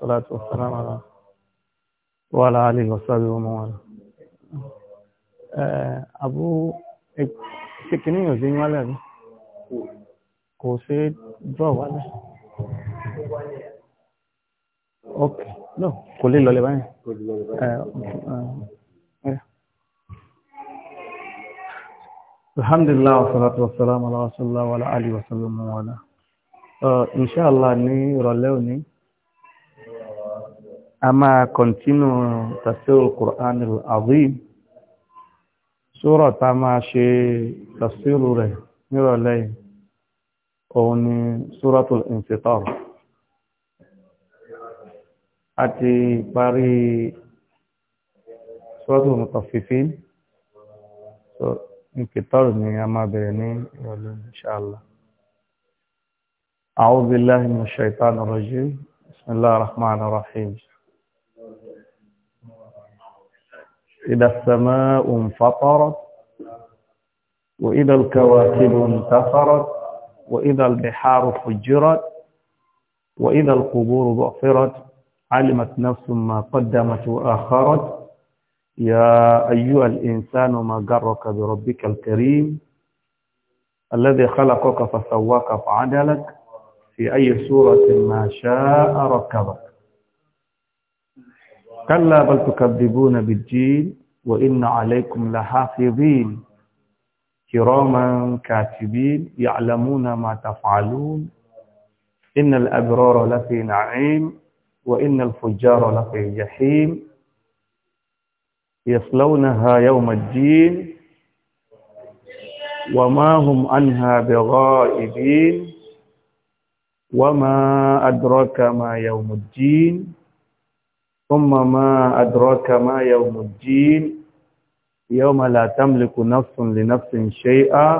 والصلاة والسلام على وعلى آله وصحبه ومن والاه آه، أبو إيه، شكني يوزين ولا كوسي دو ولا أوكي لو كل اللي لبا الحمد لله والصلاة والسلام على رسول الله وعلى آله وصحبه ومن والاه آه، إن شاء الله ني رولوني a máa kọ̀ntínú tafsir al-Qur'an al-Azim sura ta máa ṣe tafsir rẹ̀ nírọ̀lẹ́ òun ni suratul Infitar àti parí suratul Mutaffifin so Infitar ni a máa bẹ̀rẹ̀ ní ìrọ̀lẹ́ inṣáàlá أعوذ بالله من الشيطان الرجيم بسم الله الرحمن الرحيم إذا السماء انفطرت وإذا الكواكب انتثرت وإذا البحار فجرت وإذا القبور بعثرت علمت نفس ما قدمت وآخرت يا أيها الإنسان ما جرك بربك الكريم الذي خلقك فسواك فعدلك في أي سورة ما شاء ركبك كلا بل تكذبون بالدين وإن عليكم لحافظين كراما كاتبين يعلمون ما تفعلون إن الأبرار لفي نعيم وإن الفجار لفي جحيم يصلونها يوم الدين وما هم عنها بغائبين وما أدرك ما يوم الدين ثم ما أدراك ما يوم الدين يوم لا تملك نفس لنفس شيئا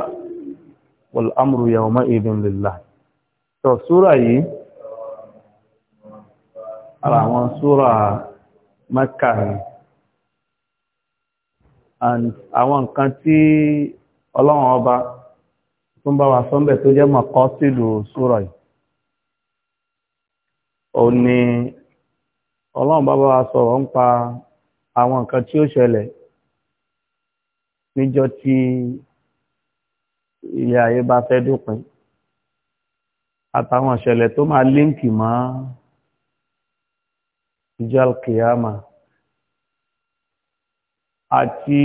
والأمر يومئذ لله so súra yìí ara àwọn súra mẹ́kà ni and àwọn nǹkan tí ọlọ́run ọba tó ń bá wa sọ́ńbẹ̀ tó jẹ́ mọ̀kọ́ sílùú súra yìí ó ní ọlọ́run bàbá wa sọ̀rọ̀ ń pa àwọn nǹkan tí ó ṣẹlẹ̀ níjọ́ tí ilé ayé bá fẹ́ dópin àtàwọn ìṣẹ̀lẹ̀ tó máa líǹkì mọ́ ìjọ alkiyama àti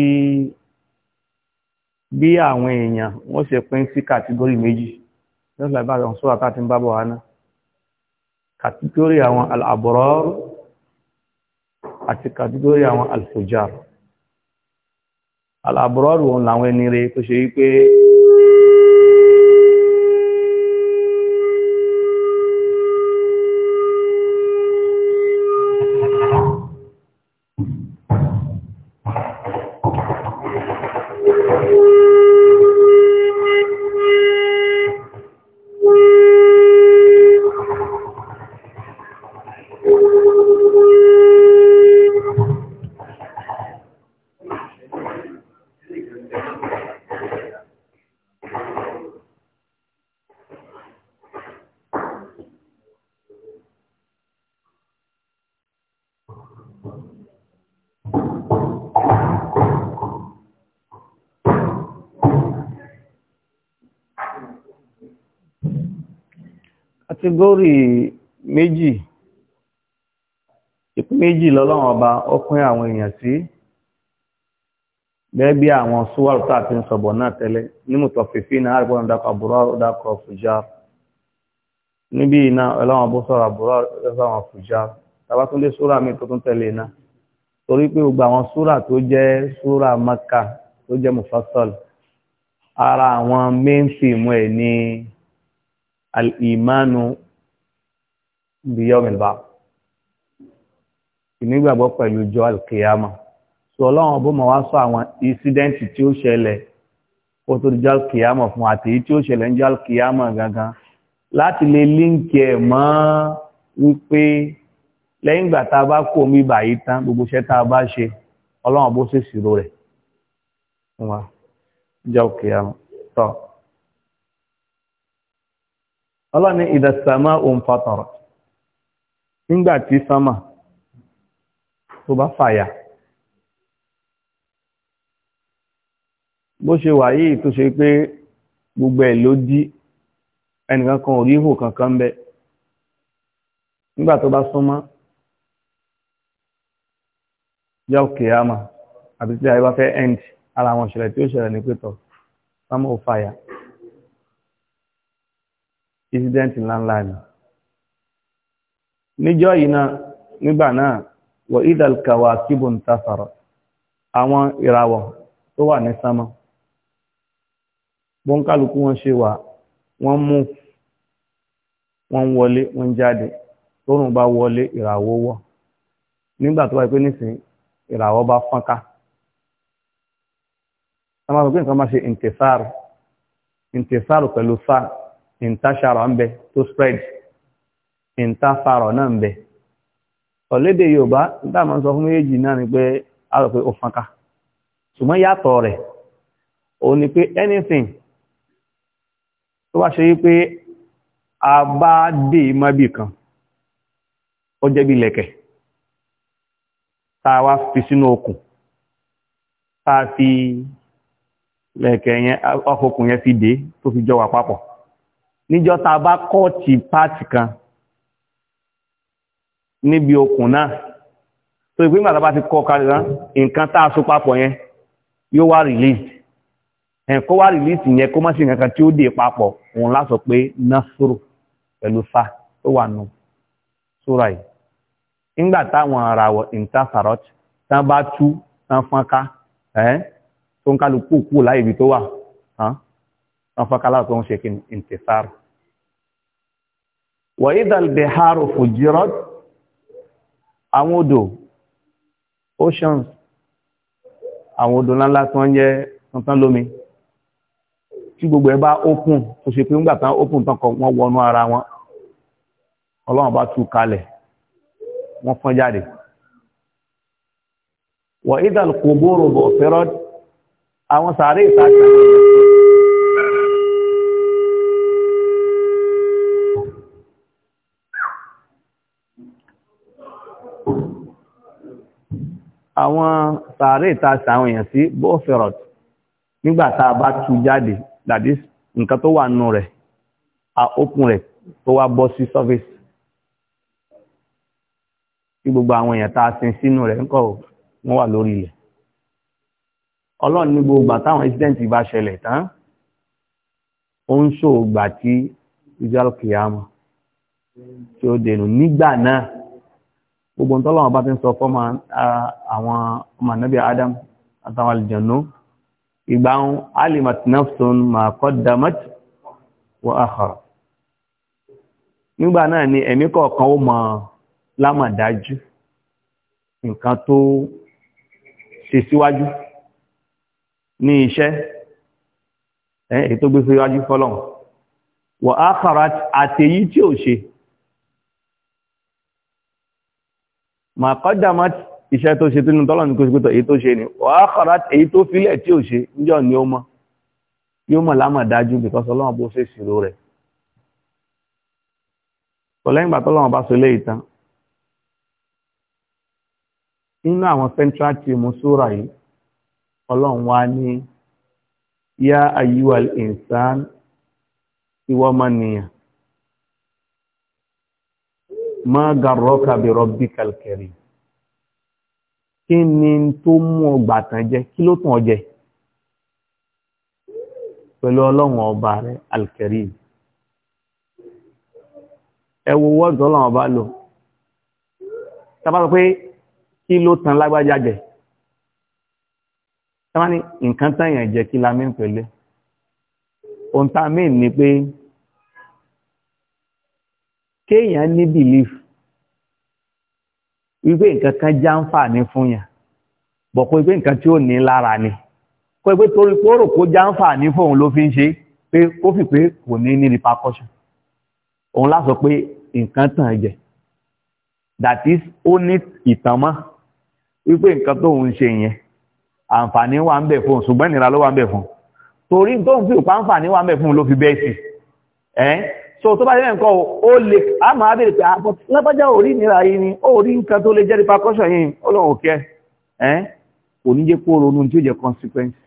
bí àwọn èèyàn wọ́n ṣe pín sí kàtígórì méjì lọ́sọ̀lá ìbára ọ̀ṣọ́ àtàtì ń bábọ̀ wá náà kàtígórì àwọn àbọ̀rọ̀ àti kàdúdórí àwọn alfujar alàbúrọ́rù òun làwọn ẹni rẹ̀ tó ṣe wípé kátígórì méjì ìpín méjì lọ́lọ́run ọba ó pín àwọn èèyàn sí bẹ́ẹ̀ bí àwọn súwárù tá àti sọ̀bọ̀ náà tẹ́lẹ̀ nímùtọ̀ fífí náà àrígbọ́n dákọ̀ àbúrò dákọ̀ fùjá níbi iná ọlọ́wọ́n bó sọ̀rọ̀ àbúrò dákọ̀ fùjá tabátúndé súrà mi tó tún tẹ̀lé iná torí pé gbogbo àwọn súrà tó jẹ́ súrà Mákà tó jẹ́ mufassal ara àwọn méńfì mú ẹ̀ ní alìmánu bíyọ́mìlbá ìnígbàgbọ́ pẹ̀lú ìjọ alkiyama so ọlọ́run ọbọ̀ ma wá sọ àwọn ìsidẹ́ntì tí ó ṣẹlẹ̀ kó tó dijọ́ alkiyama fún àti èyí tí ó ṣẹlẹ̀ ń jọ alkiyama gangan láti lè líǹkì ẹ̀ mọ́ wípé lẹ́yìn ìgbà tá bá kó omi báyìí tán gbogbo iṣẹ́ tá bá ṣe ọlọ́run ọbọ̀ ṣèṣirò rẹ̀ fún wa ìjọ alkiyama tọ́. So, Allah ní idha as-sama'u infatarat nígbà tí sánmà tó bá fàyà bó ṣe wà yìí tó ṣe pé gbogbo ẹ̀ ló dí ẹnìkan kan ò rí ihò kankan bẹ nígbà tó bá súnmọ́ yọ kìámà àbí tí ayé bá fẹ́ end ara àwọn ìṣẹ̀lẹ̀ tí ó ṣẹlẹ̀ ní pẹ́tọ̀ sánmà ò fàyà incident ńláńlá ni níjọ́ yìí náà nígbà náà wọ ìdàlùkàwà kíbù ń ta sọ̀rọ̀ àwọn ìràwọ̀ tó wà ní sánmọ́ bọ́ńkálukú wọn ṣe wà wọ́n mú wọ́n wọlé wọ́n jáde tóòrùn bá wọlé ìràwọ̀ wọ̀ nígbà tó wà pé nísìnyí ìràwọ̀ bá fọ́nká a máa pé nǹkan máa ṣe ìǹtẹ̀sáàrù ìǹtẹ̀sáàrù pẹ̀lú sáà ìntàṣàrọ̀ ń to tó spread ìntàfàrọ̀ náà ń bẹ ọ̀lédè dáàmà sọ fún méjì náà ni pé a rò pé ó fọ́nká ṣùgbọ́n yàtọ̀ rẹ̀ òun ni pé anything tó wá ṣe a bá kan ó jẹ́ bí lẹ̀kẹ̀ tá wá fi sínú okùn tá fi lẹ̀kẹ̀ yẹn fi jọ wà papọ̀ níjọ́ ta bá kọ́ọ̀tì páàtì kan níbi okùn náà tó ìpín ìgbà tá bá ti kọ́ kárí rán nǹkan tá a papọ̀ yẹn yóò wá release ẹ̀kọ́ wá release yẹn kó má sí nǹkan tí ó dé papọ̀ òun lásọ pé násòrò pẹ̀lú fa tó wà nù sóra yìí nígbà táwọn ara wọ intasarot tán bá tú tán fọ́nká ẹ́ tó ń kálukú kú láyé tó wà tán fọ́nká láwọn tó ń ṣe kí n tẹ̀sáàrù wà ìdàl biharu fujirat àwọn odò oceans àwọn odò ńláńlá tó ń jẹ́ tuntun lómi tí gbogbo ẹ bá open tó ṣe pé ńgbà tán open tán kọ wọ́n wọnú ara wọn ọlọ́run bá tú kalẹ̀ wọ́n fọ́n jáde wà ìdàl quburu bu'thirat àwọn sàárè ìtajà àwọn sàárè ta sàwọn èèyàn sí bófẹ̀rọ̀t nígbà tá a bá tú jáde that is nǹkan tó wà nù rẹ̀ àókùn rẹ̀ tó wá bọ́ sí surface tí gbogbo àwọn èèyàn tá a sin sínú rẹ̀ ńkọ́ wọ́n wà lórí ilẹ̀ ọlọ́run ní gbogbo àtàwọn incident bá ṣẹlẹ̀ tán ó ń ṣòògbà tí ìjọ́lọ́kìyàmọ̀ tí ó dẹnu nígbà náà gbogbo ń tọ́lọ́wọ́ bá ti ń sọ fọ́mọ àwọn ọmọ nàbí adam àtàwọn àlìjànú ìgbà ń alimat nafsun ma qaddamat wa akhara nígbà náà ni ẹ̀mí kọ̀ọ̀kan ó mọ lámàdájú nǹkan tó ṣe síwájú ní iṣẹ́ èyí tó gbé síwájú fọ́lọ́hun wa akhara àtèyí tí ò ṣe ma kọ́dàmá iṣẹ́ tó ṣe tó ní tọ́lọ̀ ní kó ṣe pẹ́tọ̀ èyí tó ṣe ni wà á kọ̀rá èyí tó fílẹ̀ tí ò ṣe níjọ́ ni ó mọ̀ yóò mọ̀ lámọ̀ dájú because ọlọ́run bó ṣe ṣìrò rẹ̀ tọ́lẹ́yìn ìgbà tọ́lọ́run bá sọ léyìí tán nínú àwọn central team sóra yìí ọlọ́run wá ní yá ayúwàl ìnsán ìwọ́mọnìyàn ma garraka bi rabbikal karim kí ni tó mú ọgbà tán jẹ kí ló tàn jẹ pẹ̀lú ọlọ́run ọba rẹ̀ al-karim ẹ wo wọ́ọ̀dù ọlọ́run ọba lò tábà sọ pé kí ló tàn lágbájá jẹ tábà ní nǹkan tàn jẹ kí la ohun tá a mí ni pé kéèyàn ní belief wípé nǹkan kan jáǹfààní fún yàn bọ̀ kó wípé nǹkan tí ó ní lára ni kó wípé torí pé ó rò kó jáǹfààní fóun ló fi ń ṣe pé kó fi pé kò ní ní repercussion òun láṣọ pé nǹkan tàn jẹ that is ó ní ìtànmọ́ wípé nǹkan tóun ń ṣe yẹn àǹfààní wà ń bẹ̀ fún ṣùgbọ́n ìnira ló wà ń bẹ̀ fún torí tóun fi òpá àǹfààní wà ń bẹ̀ fún ló fi bẹ́ẹ̀ sí ẹ́ so tó bá yẹ́ nǹkan ó lè a máa bèèrè pé àpọ̀ ah, lápájá orí nira yìí ni ó rí nǹkan tó lè jẹ́rí pakọ́ṣọ̀ yìí ọlọ́run òkè ẹ́ kò ní jẹ́ kó ronú tí ó jẹ́ consequence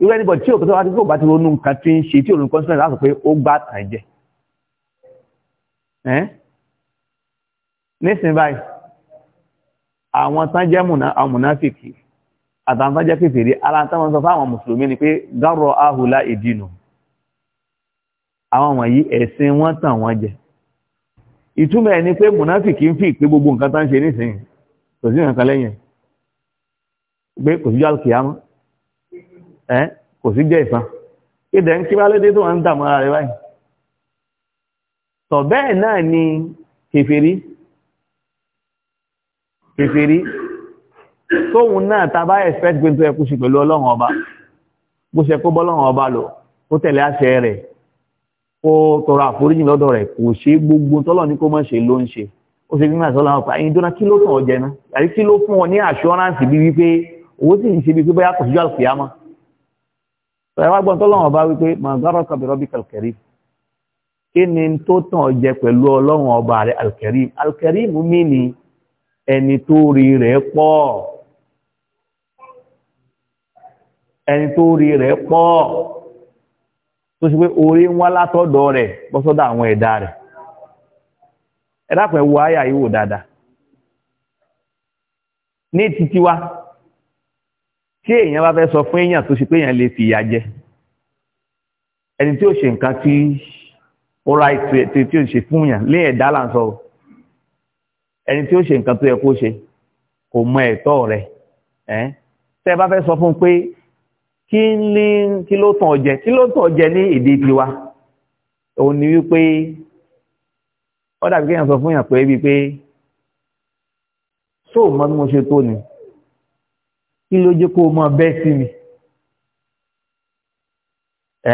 irú ẹni bọ̀ tí òkè tó wá tí kò bá ti ronú nǹkan tí ń ṣe tí òun consequence láti pé ó gbá tàn jẹ ẹ́ nísìnyí báyìí àwọn tán jẹ́ mùnáfìkì àtàwọn tán jẹ́ kékeré ara sọ fáwọn mùsùlùmí ni pé gárọ̀ ahùlá ìdínú àwọn wọ̀nyí ẹ̀sìn wọ́n tàn wọ́n jẹ ìtumọ̀ ni pé mùnáfìkì ń fi ìpé gbogbo nǹkan tán ṣe nísìnyí kò sí nǹkan lẹ́yìn pé kò sí jọ àlùkìyámọ̀ ẹ kò sí jẹ́ ìsan ìdẹ̀ ń kíra lédè tó wọ́n ń dààmú ara rẹ̀ báyìí tọ̀ bẹ́ẹ̀ náà ni kèfèrí kèfèrí tóun náà ta bá expect gbé tó ẹkú sí pẹ̀lú ọlọ́run ọba bó ṣe kó bọ́lọ́run ọba lò ó tẹ̀lé àṣẹ rẹ̀ kó tọrọ àforíjì lọ́dọ̀ rẹ̀ kò ṣe gbogbo tọ́lọ̀ ní kó mọ́ ṣe ló ń ṣe ó ṣe gbígbà sọ́lá ọ̀pá ẹ̀yìn tó ná kí ló tàn ọ́ jẹ ná àbí kí ló fún ọ ní assurance bí wípé owó sì ń ṣe bí pé bóyá kò síjọ́ àlùfíà mọ́ sọ̀rọ̀ wá gbọ́n tọ́lọ̀ ọba wípé mangaro kabiro bí kalkari kí ni tó tàn ọ́ jẹ pẹ̀lú ọlọ́run ọba rẹ̀ alkarim alkarim mi ni ẹni tó rí rẹ̀ pọ̀ ẹni tó rí rẹ̀ pọ̀ tó ṣe pé oore ń wá látọ̀dọ̀ rẹ̀ bọ́sọ́dọ̀ àwọn ẹ̀dá rẹ̀ ẹ dákun ẹ wo àyà yìí wò dáadáa ní títí wa tí èèyàn bá fẹ́ sọ fún èèyàn tó ṣe pé èèyàn lè fi ìyà jẹ ẹni tí ó ṣe nǹkan tí ó ra ètò tí ó ṣe fún èèyàn lé ẹ̀dá là ń sọ ẹni tí ó ṣe nǹkan tó yẹ kó ṣe kò mọ ẹ̀tọ́ rẹ̀ ẹ́ tẹ́ bá fẹ́ sọ fún pé kí ní kí ló tàn jẹ kí ló tàn jẹ ní èdè tiwa òun ni wípé ó dàbí kéèyàn sọ fún yàn pé wípé sóò mọ bí mo ṣe tó ni kí ló jẹ́ kó mọ bẹ́ẹ̀ sí mi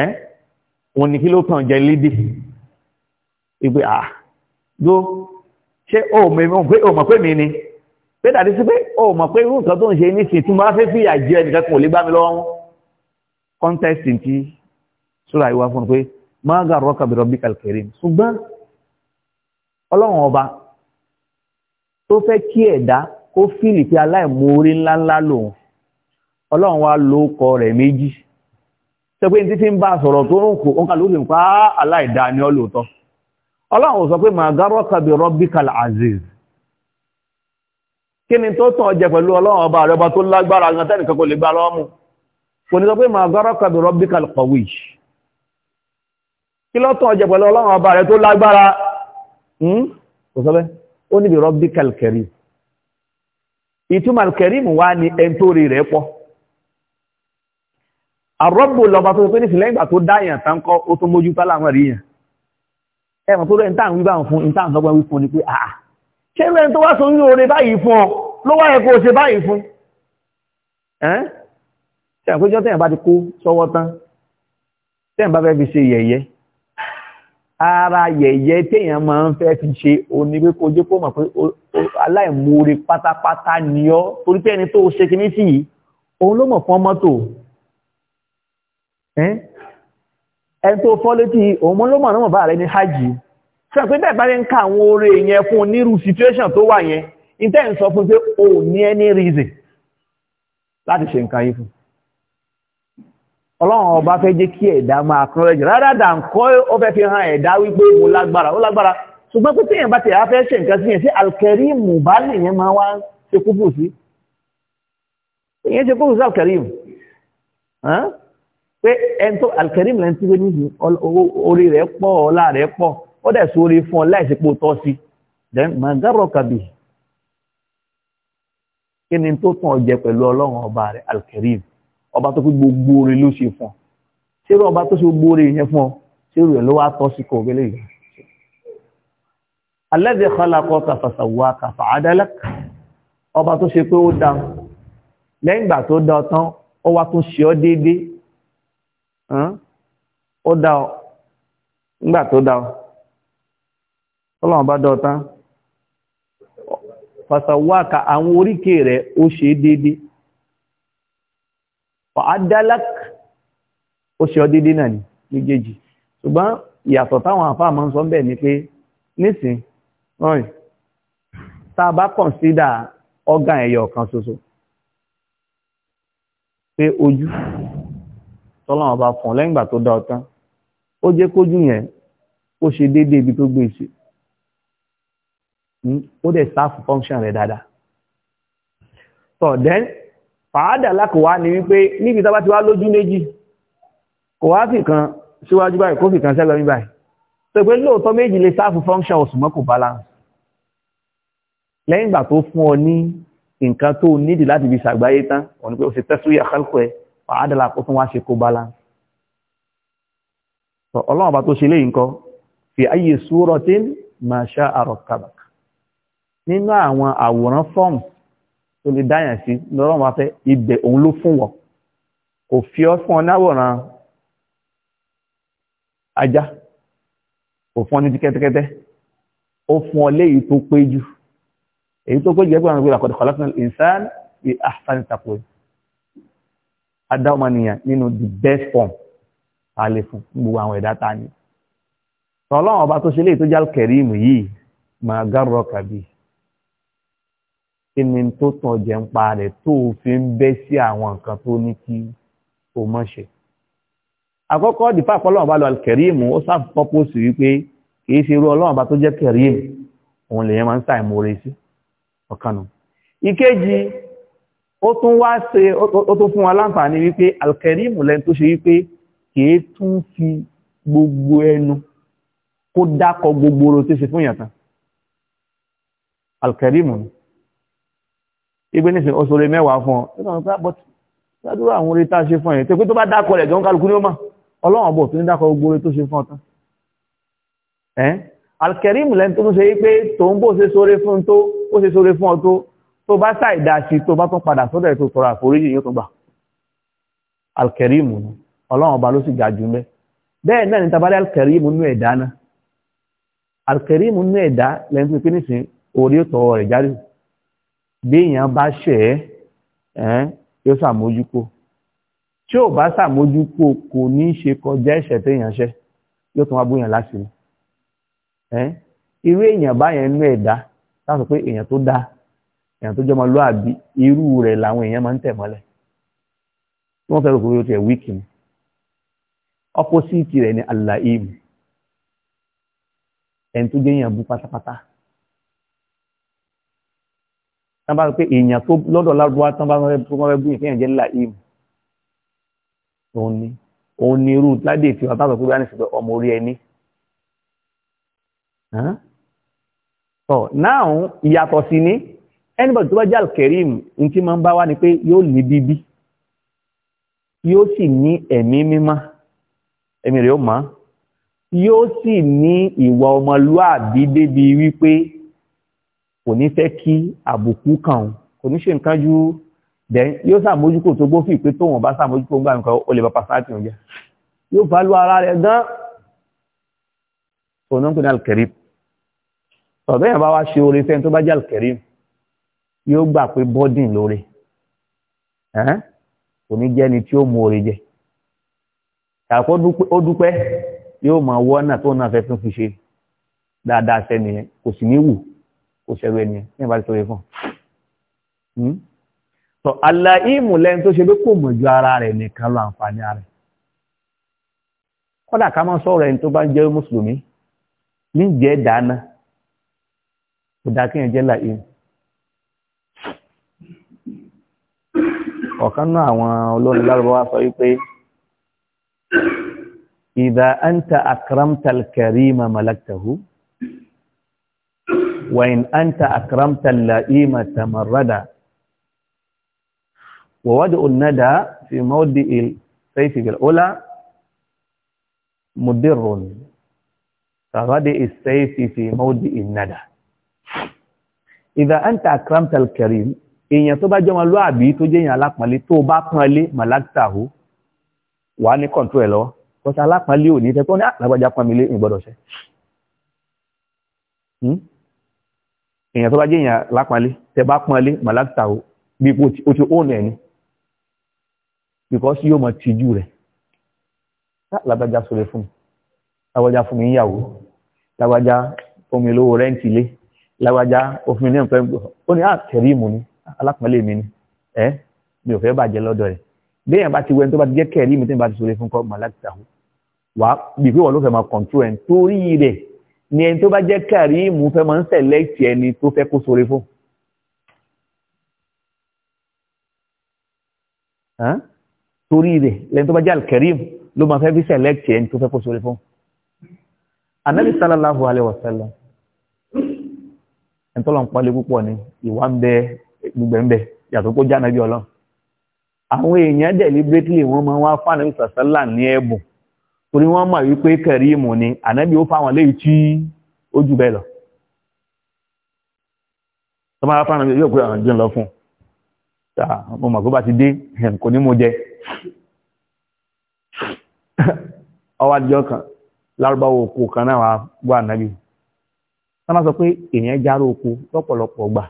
ẹ́ òun ni kí ló tàn jẹ lédè ìpé à dó ṣé o mọ̀ pé mi ni pé dàdí sí pé o mọ̀ pé irú nǹkan tó ń ṣe nísìnyí tí mo bá fẹ́ fìyà jẹ ẹnìkan kan lè gbá mi lọ́wọ́ kọ́ńtẹ́sì tí sóra ìwà fún un pé máa gà rọ́kà bí rọ́bì kàlkẹ́rìm ṣùgbọ́n ọlọ́run ọba tó fẹ́ kí ẹ̀dá kó fíìlì pé aláìmoore ńláńlá lòun ọlọ́run wa ló kọ rẹ̀ méjì sọ pé ní títí ń bá sọ̀rọ̀ tó ń kò ń kà lóṣù pa aláìdá ni ọ lóòótọ́ ọlọ́run sọ pé máa gà rọ́kà bí rọ́bì kàl kí ni tó tàn jẹ pẹ̀lú ọlọ́run ọba rẹ̀ ọba tó lágbára gan tẹ́nìkan kò lè gbá lọ́mù kò ní sọ pé ma gọ́rọ́kọ̀ bí rọ́bí kalkọ̀wì kí lọ́tọ̀ ọjẹ́ pẹ̀lú ọlọ́run ọba rẹ̀ tó lágbára hmm? kò sọ bẹ́ ó níbi rọ́bí kalkẹ̀rí ìtumà kẹ̀rí mú wá ní ẹn tó rí rẹ̀ pọ̀ àrọ́bù lọba tó pé nísìlẹ̀ ìgbà tó dáyàn táńkọ́ ó tó mójú pálá àwọn èèyàn ẹ mọ̀ tó rẹ̀ ń tàn wíbà fún ń tí àpéjọ tẹ́yìn bá ti kó sọ́wọ́ tán tẹ́yìn bá fẹ́ fi ṣe yẹ̀yẹ́ ara yẹ̀yẹ́ tẹ́yìn máa ń fẹ́ fi ṣe oníwé kó jẹ́ kó mọ̀ pé aláìmoore pátápátá ni ọ́ torí pé ẹni tó ṣe kìíní sí yìí òun ló mọ̀ fún mọ́tò ẹni tó fọ́ létí òun ló mọ̀ náà bá rẹ̀ ní hajj sọ pé bẹ́ẹ̀ bá rẹ̀ ń ka àwọn oore yẹn fún onírú situation tó wà yẹn ìtẹ́ ń sọ fún pé òun ní ẹni reason láti ṣe nǹkan yìí fún ọlọ́run ọba fẹ́ jẹ́ kí ẹ̀dá máa acknowledge rárá dà ń kọ́ ó fẹ́ fi hàn ẹ̀dá wípé mo lágbára ó lágbára ṣùgbọ́n pé téèyàn bá tẹ̀yà fẹ́ ṣe nǹkan sí yẹn sí alkẹ́rìmù bá nìyẹn máa wá ṣe kúfù sí ìyẹn ṣe kúfù sí alkẹ́rìmù pé ẹni tó alkẹ́rìmù lẹ́ni tí wọ́n ní orí rẹ̀ pọ̀ ọlá rẹ̀ pọ̀ ó dẹ̀ sí orí fún ọ láìsí pò tọ́ sí then magaro kabi kí ni tó tàn ọ jẹ ọba tó kú gbogbo oore ló ṣe fún ọ ṣérò ọba tó ṣe gbogbo oore yẹn fún ọ ṣérò rẹ̀ ló wá tọ́ sí kò gẹ́lẹ́ yìí alladhi khalaqaka fasawwaka fa'adalak ọba tó ṣe pé ó dá lẹ́yìn ìgbà tó dá tán ó wá tún ṣe ọ́ déédéé ó dá ọ nígbà tó dá ọ ọlọ́run bá dá ọ tán fasawwaka àwọn oríkèé rẹ̀ ó ṣe déédéé fàádálák ó ṣe ọdídí náà ní méjèèjì ṣùgbọ́n ìyàtọ̀ táwọn àfáà máa ń sọ bẹ́ẹ̀ ni pé nísìn rìn tá a bá kọ̀nsídà ọ́gàn ẹ̀yọ̀ kan ṣoṣo pé ojú tọ́lọ́wọ́n bá fún lẹ́yìn ìgbà tó dá ọtán ó jẹ́ kójú yẹn ó ṣe déédéé ibi tó gbé e hmm, ó dẹ̀ sáfù fọ́nṣàn rẹ̀ dáadáa fàádà lákòwá ni wípé níbi tá bá ti wá lójú méjì kò wá fi kan síwájú báyìí kó fi kan sẹ́lọ níbàyí tó pé lóòótọ́ méjì lè sáàfù function ọ̀sùnmọ́ kò balance lẹ́yìn ìgbà tó fún ọ ní nǹkan tó nídì láti fi ṣàgbáyé tán ọ̀nà pé o ṣe tẹ́sùyà kálùkù ẹ̀ fàádà lákò tún wá ṣe kó balance ọlọ́run bá tó ṣe léyìn kọ́ fi ayé súrọ̀ tí màṣá àrọ̀kàbàk nínú àwọn àwòrán fọ́ọ̀mù tó lè dáyàn sí lọ́rọ̀ wọn fẹ́ ibẹ̀ òun ló fún wọn kò fi ọ́ fún ọ náwòrán ajá kò fún ọ ní ti kẹ́tẹ́kẹ́tẹ́ ó fún ọ léyìí tó pé jù èyí tó pé jù ẹgbẹ́ wọn gbé làkọ̀dọ̀ kọ̀lákùnrin insan bi ahsan taqwim adá ọmọnìyàn nínú the best form a lè fún gbogbo àwọn ẹ̀dá ta ni ọlọ́run ọba tó ṣe léyìí tó jálù kẹ̀rí ìmù yìí màá gárọ̀ kàbí kí ni tó tàn jẹ́ ń pa rẹ̀ tó o fi ń bẹ́ sí àwọn nǹkan tó ní kí o mọ̀ ṣe. àkọ́kọ́ dìpá àpọ́lọ́wọ́n bá lọ kẹ̀ríìmù ó sàpọ́pọ́sì wípé kì í ṣe irú ọlọ́wọ́n bá tó jẹ́ kẹ̀ríìmù òun lèyẹn máa ń ṣàìmoore sí ọ̀kanù. ìkejì ó tún wá ṣe ó tún fún wa láǹfààní wípé alkẹ̀ríìmù lẹ́nu tó ṣe wípé kì í tún fi gbogbo ẹnu kó dákọ gbogbo oro tó ṣe fún yàtàn alkẹ̀ríìmù ni igbe nísìn oṣoore mẹ́wàá fún ọ ṣáàdúrà ah, àwọn orí tá a ṣe fún ẹ̀yìn tó pé tó bá dákọ̀ rẹ̀ gan kálukú ní ó mà ọlọ́run ọ̀bọ̀ tó ní dákọ̀ gbogbo orí tó ṣe fún ọtán ẹ́ alkerim lẹ́nu tó ń ṣe pé tòun bó ṣe sóore fún tó ó ṣe sóore fún ọ tó tó bá ṣàìdá sí tó bá tún padà sọ́dọ̀ ètò tọrọ àforíjì yóò tún gbà alkerim ni ọlọ́run ọba ló sì ga jù mẹ́ bẹ́ẹ̀ náà ni tabalẹ́ alkerim nú ẹ̀dá náà alkerim nú ẹ̀dá lẹ́nu tó pé nísìn orí ó rẹ̀ jáde béèyàn bá ṣẹ̀ ẹ́ yóò ṣàmójúkò tí ò bá ṣàmójúkò kò ní í ṣe kọjá ẹ̀ṣẹ̀ téèyàn ṣẹ̀ yóò tún wá bóyàn láṣìírí irú èèyàn báyẹn nú ẹ̀dá láti pé èèyàn tó dáa èèyàn tó jọmọ lóàbí irú rẹ̀ làwọn èèyàn máa ń tẹ̀ mọ́lẹ̀ tí wọ́n fẹ́ rò pé ó tiẹ̀ wíìkì ni ọpọ́síìtì rẹ̀ ni àlàyé ẹni tó jẹ́ èèyàn bú pátápátá tán bá sọ pé èèyàn tó lọ́dọ̀ lárúbáwá tán bá sọ pé tó máa jẹ́ ńlá im òun ni òun ni irú ládé ìfihàn tán sọ pé bá ní sọ ọmọ orí ẹni. so now ìyàtọ̀ sí ni anybody tó bá jẹ́ alkerim ní tí máa ń bá wá ni pé yóò ní bíbí yóò sì ní ẹ̀mí mímọ́ ẹ̀mí rẹ̀ ó mọ́ yóò sì ní ìwà ọmọlúàbí débi wípé kò ní fẹ́ kí àbùkù kàn ọ́n kò ní ṣe nǹkan ju then yóò sàmójúkò tó gbófì pé tó wọn bá sàmójúkò ń gbà nǹkan ó lè bá pàṣátì oúnjẹ yóò bá lu ara rẹ̀ gan òun náà ń pè ní alkerim tọ̀dọ̀ yẹn bá wá ṣe oore fẹ́ni tó bá jẹ́ alkerim yóò gbà pé bọ́dìn lóore kò ní jẹ́ tí ó mú oore jẹ kàkó ó dúpẹ́ yóò máa wọ́nà tó náà fẹ́ tún fi ṣe dáadáa sẹ́ni kò sì ní wù kò ṣẹ̀rọ ẹni ní ìbá tọrẹ fún tọ hmm? aláìmù lẹ́yìn tó ṣe pé kò mọ̀ ju ara rẹ̀ nìkan lọ àǹfààní ara rẹ̀ kódà ká máa sọ̀rọ̀ ẹni tó bá ń jẹ́ mùsùlùmí níjẹ́ dáná kò dá kéèyàn jẹ́ láìmù ọ̀kan náà àwọn olórin lárúbáwá sọ wípé ìdá anta akramtal karima malaktahu وإن أنت أكرمت اللئيم تمردا ووضع الندى في موضع السيف بالأولى مدر كغدع السيف في موضع الندى إذا أنت أكرمت الكريم èèyàn tó bá jẹ́ wọn lóàbí tó jẹ́ èèyàn alápọ̀nlé tó bá pọ̀nlé màláktàhù wà ní kọ̀ǹtú ẹ̀ lọ́wọ́ kọ́sí alápọ̀nlé ò ní tẹ́ tó ní àlágbájá ah, pọ̀nlé ìgbọ́dọ̀ ṣe hmm? èèyàn tó bá jẹ́ èèyàn lápánlé tẹ bá pánlé màláàtà o bí ipò o ti ó nẹ̀ ni because yóò mọ tìjú rẹ̀ lágbájá sọ̀rọ̀ fún mi lágbájá fún mi níyàwó lágbájá fún mi lówó rẹ́ǹtì ilé lágbájá òfin ní nǹkan gbọ́ ó ní àtẹ̀rí ìmú ni alápánlé mi ni ẹ mi ò fẹ́ bàjẹ́ lọ́dọ̀ rẹ̀ béèyàn bá ti wẹ́n tó bá ti jẹ́ kẹ́ẹ̀rí mi tí mi bá ti sọ̀rọ̀ fún kọ́ màláàtà o wà bí pé wọ́n ló fẹ́ ni ẹni tó bá jẹ́ kàríìmù fẹ́ máa ń sẹ̀lẹ́tì ẹni tó fẹ́ kó sóre fún torí rẹ̀ lẹ́ni tó bá jẹ́ alkarim ló máa fẹ́ fi sẹ̀lẹ́tì ẹni tó fẹ́ kó sóre fún anábì sallallahu alaihi ẹni tó lọ ń pọ́nlé púpọ̀ ni ìwà ń bẹ gbogbo ń bẹ yàtọ̀ kó já nàbí ọlọ́ àwọn èèyàn deliberately wọ́n máa wá fún anábì sallallahu torí wọ́n mọ̀ wípé kẹ̀rímù ni ànábì ó fáwọn léyìí tí ó jù bẹ́ẹ̀ lọ tó máa fáwọn yóò pé àwọn jùn lọ fún mo mọ̀ kó bá ti dé kò ní mo jẹ ọwájọ́ kan lárúbáwò oko kan náà wà gbọ́ ànábì wọ́n sọ pé èèyàn járó oko lọ́pọ̀lọpọ̀ gbà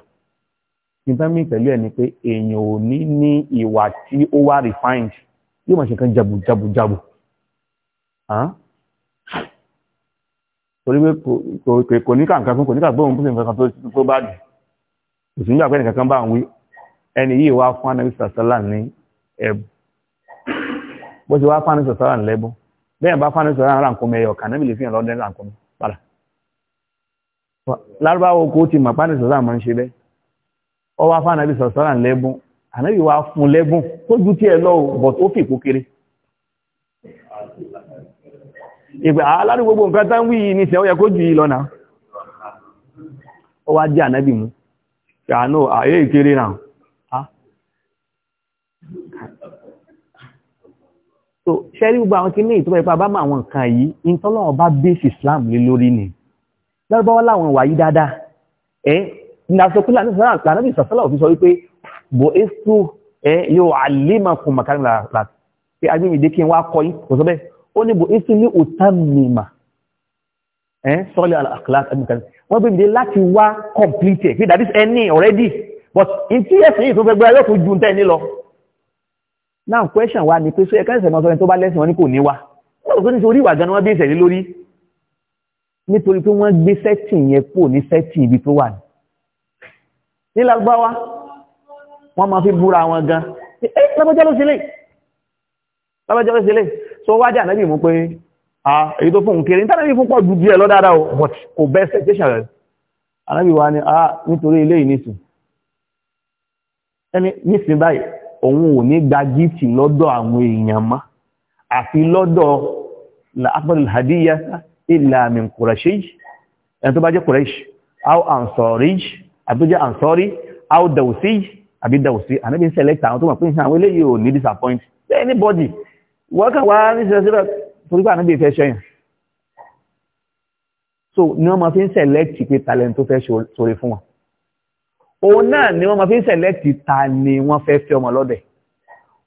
nígbà pẹ̀lú ẹ̀ ni pé èèyàn ò ní ní ìwà tí ó wà refined yóò máa ṣe kan jàbùjàbùjàbù torí pé kò ní kàǹkan fún kò ní kàgbóhùn púpọ̀ nǹkan tó bá dì kò sí nígbà pé nǹkan kan bá ń wí ẹni yìí wá fún anabi sàṣálà ní ẹ̀bù bó ṣe wá fún anabi sàṣálà ní lẹ́bù bẹ́ẹ̀ bá fún anabi sàṣálà rà nǹkan mẹ́yọ̀ kànábì lè fi hàn lọ́dún rà nǹkan padà lárúbáwò kó ti mọ̀ pánì sàṣálà máa ń ṣe bẹ́ẹ̀ ọ wá fún anabi sàṣálà ní lẹ́bù anabi wá fún lẹ́bù tó ju tiẹ̀ lọ bọ̀ tó fìkú kéré ìgbà aládù gbogbo nǹkan tán wí ní ṣe ó yẹ kó jù yí lọ́nà ó wá jẹ́ ànábì mú ṣàánú àyè ìkéré náà so ṣẹ́rí gbogbo àwọn kìíní ìtọ́wọ́ ipa bá mọ àwọn nǹkan yìí ìtọ́lọ́wọ́ bá bèèṣì Islam lé lórí ni lọ́rọ̀bọ́wọ́ láwọn wàyí dáadáa ẹ́ nàṣọ́kúlà ní sọ́lá àtàràbì sọ́lá òfin sọ wípé bò éṣù ẹ yóò àlímọ̀kùn màkàrí làtàrà pé agbẹ́mìdé kí ó ní bò isi ní òtàmìmà ẹ́ sọ́lẹ̀ àkàlàkà nìkan wọ́n gbé ìdí láti wá complete it that is any already but in tí ẹ̀sìn yìí tó fẹ́ gbé yóò tó ju tẹ́ ní lọ now question wa ni pé sọ ẹ̀ka ìṣẹ̀mọ́ sọ́ni tó bá lẹ́sìn wọn ní kò ní wa wọ́n tó ní sọ orí ìwà gan-an wọ́n bí ìṣẹ̀lẹ̀ lórí nítorí pé wọ́n gbé setting yẹn kò ní setting ibi tó wà ní nílágbáwá wọ́n máa fi búra wọn gan ẹ́ lábọ́já ló sílẹ̀ lábọ́já ló sílẹ̀ so wájà náà bí mú pé èyí tó fún kéré nítorí fún pọ̀ dúdú ẹ̀ lọ dáadáa o but kò bẹ́ expectation rẹ̀ anábì wa ni ah nítorí ilé yìí nísìn ẹni nísìn báyìí òun ò ní gba gift lọ́dọ̀ àwọn èèyàn mọ́ àfi lọ́dọ̀ akpọ̀lù hadiya illa min Quraysh ẹni tó bá jẹ́ Quraysh aw ansori àbí tó jẹ́ ansori aw dawsi àbí dawsi anábì ń select àwọn tó mọ̀ pé àwọn eléyìí ò ní disappoint anybody wọ́kà wá ní ṣẹ́sílẹ̀ torípà níbi ìfẹ́ ṣẹ́yìn so ni wọ́n ma fi ń sẹ̀lẹ́tì pé talent tó fẹ́ ṣoore fún wọn òun náà ni wọ́n ma fi ń sẹ̀lẹ́tì ta ni wọ́n fẹ́ fẹ́ ọmọ lọ́dẹ̀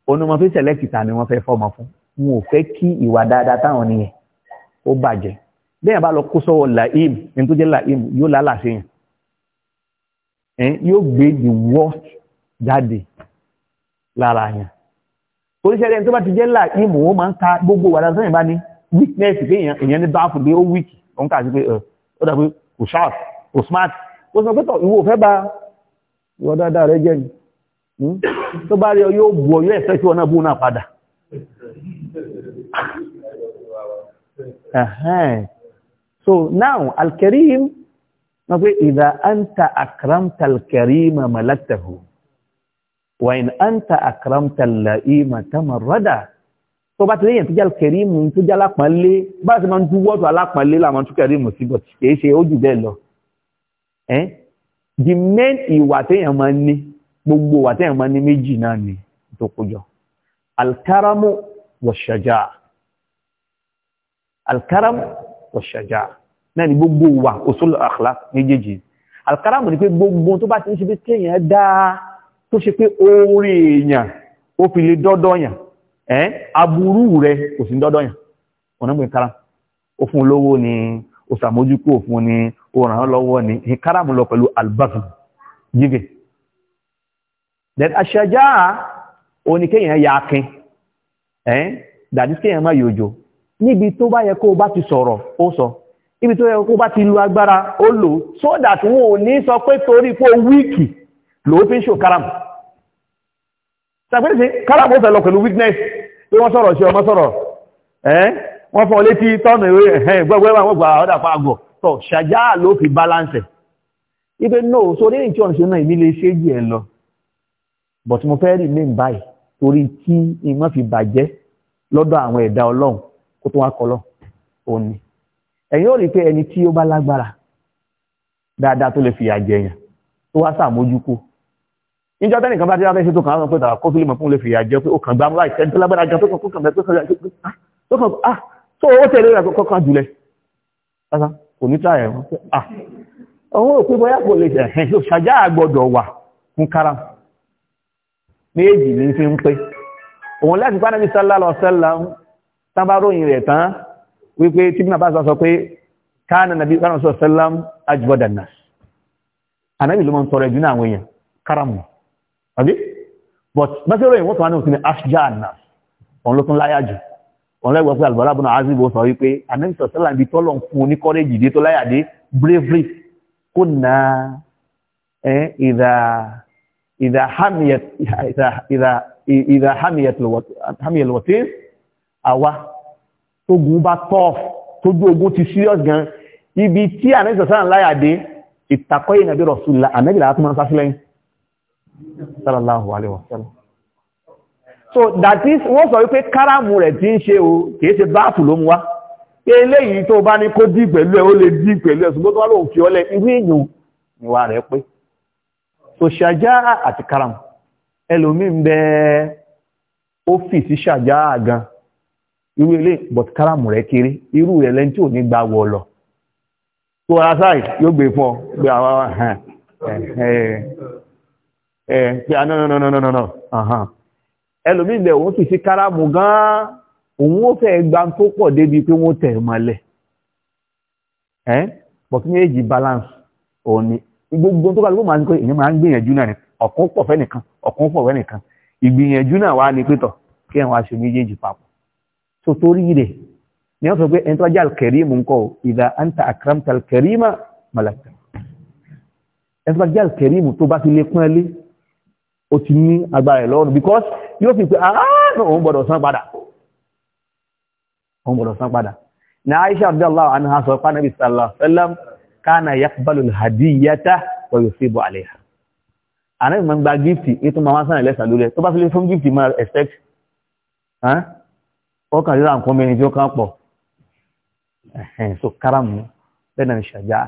òun ni wọ́n ma fi ń sẹ̀lẹ́tì ta ni wọ́n fẹ́ fọ́ ọmọ fún wọn ò fẹ́ kí ìwà dáadáa táwọn nìyẹn ó bàjẹ́ bẹ́ẹ̀ bá lọ kó sọ́wọ́ làím ní tó jẹ́ làím yóò lálàṣeyàn yóò gbé the worst jáde lára yàn oríṣẹ́ ẹni tó bá ti jẹ́ là ìmò ó máa ń ka gbogbo wàdà sẹ́yìn bá ní weakness pé èèyàn ní báfù pé ó weak ó ń kà sí pé ó dà kò sharp kò smart ó sọ pé tọ̀ ìwọ ò fẹ́ ba ìwọ dáadáa rẹ jẹ́ ni hmm? tó bá rí ọ yóò bu ọ yóò ẹ̀fẹ́ sí ọ náà bú náà padà so now alkarim wọ́n pé ìdá anta akramta alkarima malaktahu وإن أنت akramtala ima tamarada tó bá ti lẹ́yìn tó jẹ́ kẹrìmù tó jẹ́ alápọ̀nlé bá ti máa ń dúwọ́ tó alápọ̀nlé làwọn tó kẹrìmù síbọ̀ kìí ṣe ó jù bẹ́ẹ̀ lọ. the main ìwà téèyàn máa ń ní gbogbo ìwà téèyàn máa ń ní méjì náà ni tó kójọ. alkaramu wa alkaramu wa náà ni gbogbo ìwà usul akhlaq méjèèjì alkaramu ni pé gbogbo tó bá ti ń ṣe bí kéèyàn dáa tó ṣe pé orí èèyàn ó fi lè dọ́dọ̀yàn ẹ́ aburú rẹ kò sí dọ́dọ̀yàn ọ̀nà mú ìkárà ó fún lówó ni ó sàmójúkú òfun ni ó ràn án lọ́wọ́ ni ìkárà mú lọ pẹ̀lú albazm gígé then aṣajá oníkéyàn ya akin ẹ́ dàdí kéyàn má yòjò níbi tó bá yẹ kó o bá ti sọ̀rọ̀ ó sọ ibi tó yẹ kó o bá ti lu agbára ó lò so that wọn ò ní sọ pé torí pé wíìkì lòó fi ń ṣò karam ṣàpẹ́sí karam ó fẹ́ lọ pẹ̀lú weakness pé wọ́n sọ̀rọ̀ sí ọmọ sọ̀rọ̀ ẹ́ wọ́n fún létí tọ́nà ìwé ẹ̀hẹ́n gbẹ́gbẹ́ wọn gbà ọ́dà pa àgọ̀ tọ̀ ṣàjá ló fi balance ipe no so ní ìtí ọ̀nṣe náà ìmí lè ṣe jù ẹ̀ lọ but mo fẹ́ remain báyìí torí kí ìmọ̀ fi bàjẹ́ lọ́dọ̀ àwọn ẹ̀dá ọlọ́run kó tó wá kọlọ́ òní ẹ̀yin ò rí pé ẹni tí ó bá lágbára dáadáa tó lè fìyà jẹyàn tó wá sàmójúkó níjọ́ tẹ́nì kan bá ti rábẹ́ ṣe tó kàn án ah, pé tàà kó fílìmọ̀ fún lè fi àjẹ́ pé ó kàn gbámúrà ìtẹ́jú lágbára jẹ́ tó kàn kó kàn bẹ́ tó kàn ah tó ah, owó tẹ̀lé rẹ̀ kọ́kọ́ kan jùlẹ̀ ṣáṣá kò ní tàà ẹ̀wọ̀n pé ah òun ò pé bóyá kò lè ṣe ẹ̀hìn tó ṣàjá àgbọ̀dọ̀ wà fún kára méjì ní fi ń pé òun láti wípé tí bí nàbàṣà sọ pé káàna nàbí sálà sọ sálà ajúbọ̀dà náà ló máa ń tọrọ ẹ̀jú àwọn èèyàn káràmù àbí but bẹ́sẹ̀ rẹ̀ wọ́n tó wá ní òsìn ní ashjan náà òun ló tún láyà jù òun lẹ́gbẹ̀ẹ́ pé Al-Bara ibn Azib sọ wípé anẹ́mísọ̀ sẹ́là ibi tọ́lọ̀ ń fún ní kọ́rẹ́jì dé tó láyà dé bravery kò na ìdá hamiyat lọ́wọ́tí àwa tógun bá tough tójú ogun ti serious gan ibi tí anẹ́mísọ̀ sallallahu alayhi wa sallam so that is won so pe karamu re tin se o ke se baafu lo mu wa pe yi to ba ni ko di pelu e o le di pelu e sugbo to wa lo fi ole ibi eyo ni wa re pe to shajaa ati karamu elomi nbe ofisi shajaa aga iru ele but karamu re kere iru re len ti ni gba wo lo so asai gbe fun gbe awa ha pé a ah, nánánánánánà ẹlòmí ilẹ̀ òun sì sí káràmù gan òun ó fẹ́ gba tó pọ̀ débi pé wọ́n tẹ̀ mọ́lẹ̀ ẹ́ but ní èjì balance òní gbogbo tó kálukú máa ń pé èyí máa ń gbìyànjú náà ni ọ̀kan pọ̀ fẹ́ nìkan ọ̀kan pọ̀ fẹ́ nìkan ìgbìyànjú náà wà ní pétọ̀ kí ẹ̀ wá ṣe méjèèjì papọ̀ tó torí rẹ̀ ni wọ́n sọ pé ẹni tó ajá alkẹ̀rímù ń kọ́ ìdá anta akramta alkẹ̀rímà malakta ẹni tó ajá alkẹ̀rímù tó bá ti lè pọ́n ó ti ní agbára ìlọ́rùn because yóò fi pé ààrùn ah, ah, òun gbọ́dọ̀ san padà òun gbọ́dọ̀ san padà ní Aisha abdullahi anha sọ pé sallallahu alaihi wasallam kana yaqbalu al-hadiyata wa yusibu alaiha àná ìmọ̀ gba gífì ní tó máa sàn lẹ́sà lórí ẹ̀ tó bá fi lè fún gífì máa expect ọkàn rírà nǹkan mẹ́rin tí ó kàn pọ̀ so káràmù bẹ́ẹ̀ náà ṣàjá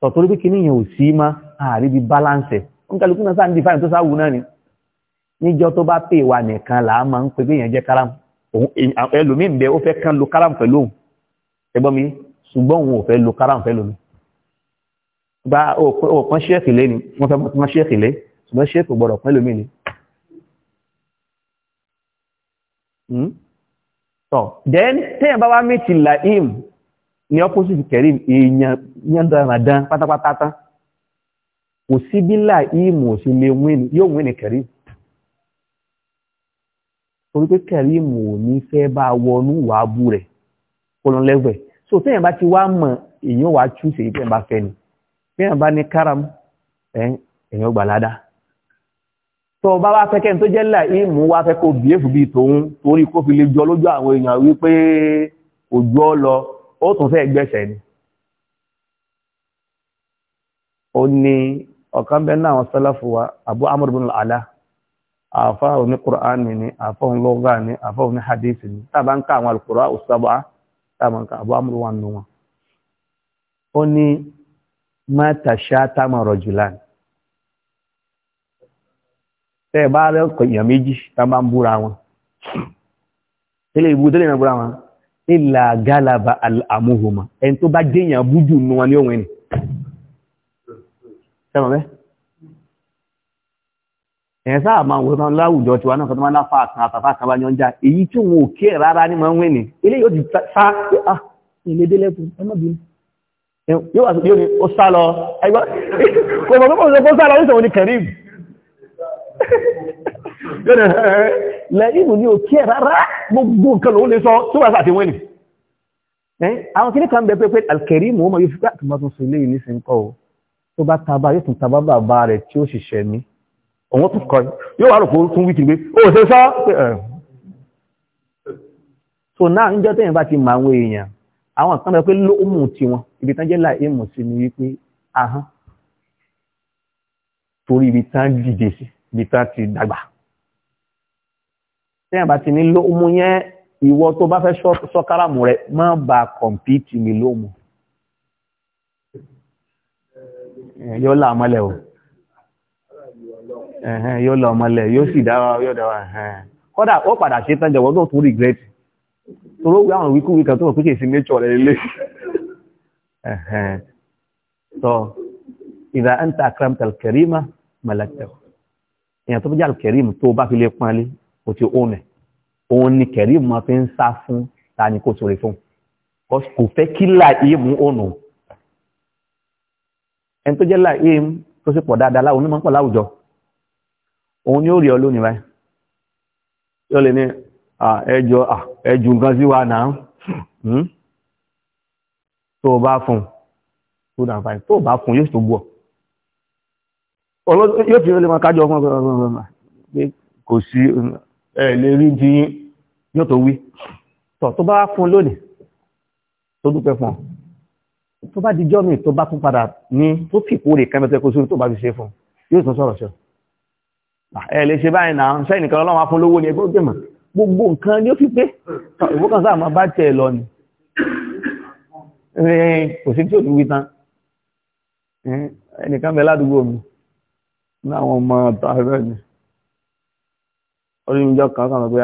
tọ̀tọ̀rí pé kí níyàn ò sí má àríbi balance ẹ̀ ń kálukú náà sáà ń di fáyìn tó sáà wù náà ni níjọ́ tó bá pè wà nìkan là á máa ń pè pé èèyàn jẹ́ kárámù ẹlòmíín bẹ ó fẹ́ kán lo kárámù pẹ̀lú òun ẹgbọ́n mi ṣùgbọ́n òun ò fẹ́ lo kárámù pẹ̀lú mi gba òpin ṣẹ́ẹ̀kì lé ni wọ́n fẹ́ mọ́ ṣẹ́ẹ̀kì lé ṣùgbọ́n ṣẹ́ẹ̀kì gbọ́dọ̀ pẹ́ lómi ni hmm? tọ́ then téèyàn bá wá méjì im ní opposite kẹrin èèyàn yẹn dáradára pátápátá tán kò sí bí làím ò sí lè wín yóò wín kẹrin torí pé kẹrìmù ò ní fẹ́ bá wọnú wàá bú rẹ̀ kó lọ lẹ́wẹ̀ so téèyàn bá ti wá mọ̀ èèyàn wàá tú sí téèyàn bá fẹ́ ni téèyàn bá ní káram èèyàn gbà ládàá tó bá wá fẹ́ kẹ́ni tó jẹ́ là ìmú wá fẹ́ kó bìí èfù bíi tòun torí kó fi lè jọ lójú àwọn èèyàn wípé òjò ọ lọ ó tún fẹ́ gbẹ̀sẹ̀ ni ó ní ọ̀kan bẹ́ẹ̀ náà àwọn sọ́lá fún wa Abu Amr bin ala àfá òní kùránì ni àfá òní lọ́gá ni àfá òní hadith ni tàbá ń ká àwọn alùkùrá òsàbà tàbá ń ká àbú amúrú wà nù wọn. ó ní mẹ́ta ṣáátá máa rọ̀ jùlá ni. tẹ́ bá rẹ ọkọ̀ méjì tá ń búra wọn. tẹ́lẹ̀ ìbú tẹ́lẹ̀ náà wọn. ìlà gálàbà àmúhùmá ẹni tó bá jẹ́yàn bújù nù wọn ní òun ẹni. sẹ́wọ̀n bẹ́ẹ̀ ẹ̀yẹn sáà máa wọ́n máa láwùjọ tiwa náà kọ́tọ́ máa láfà kan àtàfà kan bá yọ ń já èyí tí wọn ò kí ẹ̀ rárá ní máa ń wìn ilé yóò ti sá pé ah ilé délẹ́kùn ẹ má bínú yóò wà yóò ní ó sá lọ ẹgbọ́n kò mọ̀ pípọ̀ sọ pé ó sá lọ ní sọ̀rọ̀ ní Karim lẹ́yìn ní ò kí ẹ̀ rárá gbogbo nǹkan ló lè àwọn kìnnì kan bẹ pé pé Al-Karim mo máa yóò fi pé àtúmọ̀ tó sọ ilé yìí ní sin kọ́ o tó bá tabá yóò tún bàbá rẹ̀ tí ó ṣiṣẹ́ ní òun tún kọ́ yóò wà rò kó tún wítìrí pé ó ṣe sọ́ so náà níjọ́ tẹ́yìn bá ti mọ àwọn èèyàn àwọn kan bẹ pé ti wọn ibi tán jẹ́ láì èèmù sí ni wípé ahán torí ibi tán dìde sí ibi tán ti dàgbà tẹ́yìn bá ti ní yẹn ìwọ rẹ má kọ̀m̀pìtì mi yóò là o. ẹ̀hẹ́n yóò lọ ọmọlẹ̀ yóò sì dára yóò dára ẹ̀hẹ́n kọ́dà ó padà ṣe tán jẹ̀wọ́ tó tún regret toró wí àwọn wíkúwí kan tó wọ́n pínkè sí nature rẹ̀ lélẹ̀ ẹ̀hẹ́n so ìdá anta akramta al-karima malaktahu èèyàn tó bá jẹ́ al-karim tó bá fi lè pọ́nlé kò ti ó nẹ̀ òun ni karim máa fi ń sá fún ta ni kò sóre fún kò sì pọ̀ dáadáa láwọn onímọ̀ pọ̀ láwùjọ òun ni ó rí ọ lónìí báyìí yóò lè ní ẹjọ́ ẹjù nǹkan sí wa náà hmm? tó bá fún tó dà fáyìí tó bá fún yóò tó bú ọ yóò fi lè máa kájọ fún ọgbọ̀n pé kò sí ẹ lè rí ti yóò tó wí tọ̀ tó bá fún lónìí tó dúpẹ́ fún ọ tó bá dijọ́ mi tó bá tún padà ní tó fìkú rè kẹ́mẹ́tẹ́ tó bá fi ṣe fún yóò tún sọ̀rọ̀ sọ̀rọ̀ Ah, ẹ lè ṣe báyìí náà ṣẹ́ ìnìkan ọlọ́run afún lówó ni ẹgbẹ́ òjò mọ̀ gbogbo nǹkan ni ó fi pé ìwọ́kàn sáà máa bá tiẹ̀ lọ ni kò sí tí ò ní wí tán ẹnìkan bẹ ládùúgbò mi ní ọmọ ọ̀tọ̀ ẹgbẹ́ mi orímijọ́ kan kan pé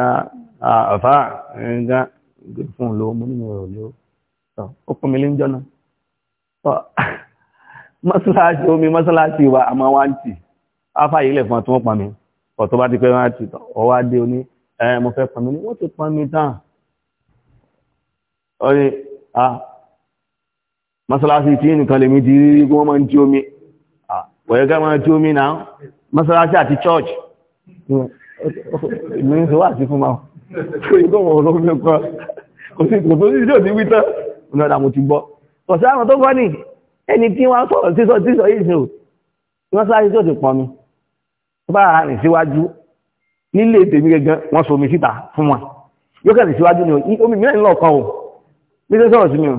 àfá ẹ̀ẹ́gá fún lówó mo nínú ọ̀rọ̀ lówó ó pọ̀ mi lé ń jọ́nà mọ́sálásí omi mọ́sálásí wa àmọ́ wá ń tì afáyé ilẹ̀ fún ọ tí wọ́n pọn mi ọ̀ tó bá ti pẹ́ wọ́n ti ọwá dé oní ẹ mo fẹ́ pọn mi ní wọ́n ti pọn mi tán ọ ní a masalasi tí nìkan lèmi ti rí rí wọ́n máa ń tí omi ọ̀yẹ́gá máa tí omi náà masalasi àti church ìlú ní sọ wà sí fún ma kò yí gbọ́mọ̀ ọ̀rọ̀ mẹ́kọ́ kò sí kò tó sí ìjọ́ ní wítọ́ ọ̀nà àmọ́ ti gbọ́ kọ̀sí àwọn tó gbọ́ ní ẹni tí wọ́n sọ̀rọ̀ sísọ sísọ yìí sí ò wọ́n sáré tó tó bá ara rìn síwájú nílé tèmi gẹ́gẹ́ wọ́n so omi síta fún wọn yóò kẹ́rìn síwájú ni omi mìíràn lọ kan o ní sẹ́ sọ̀rọ̀ sí mi o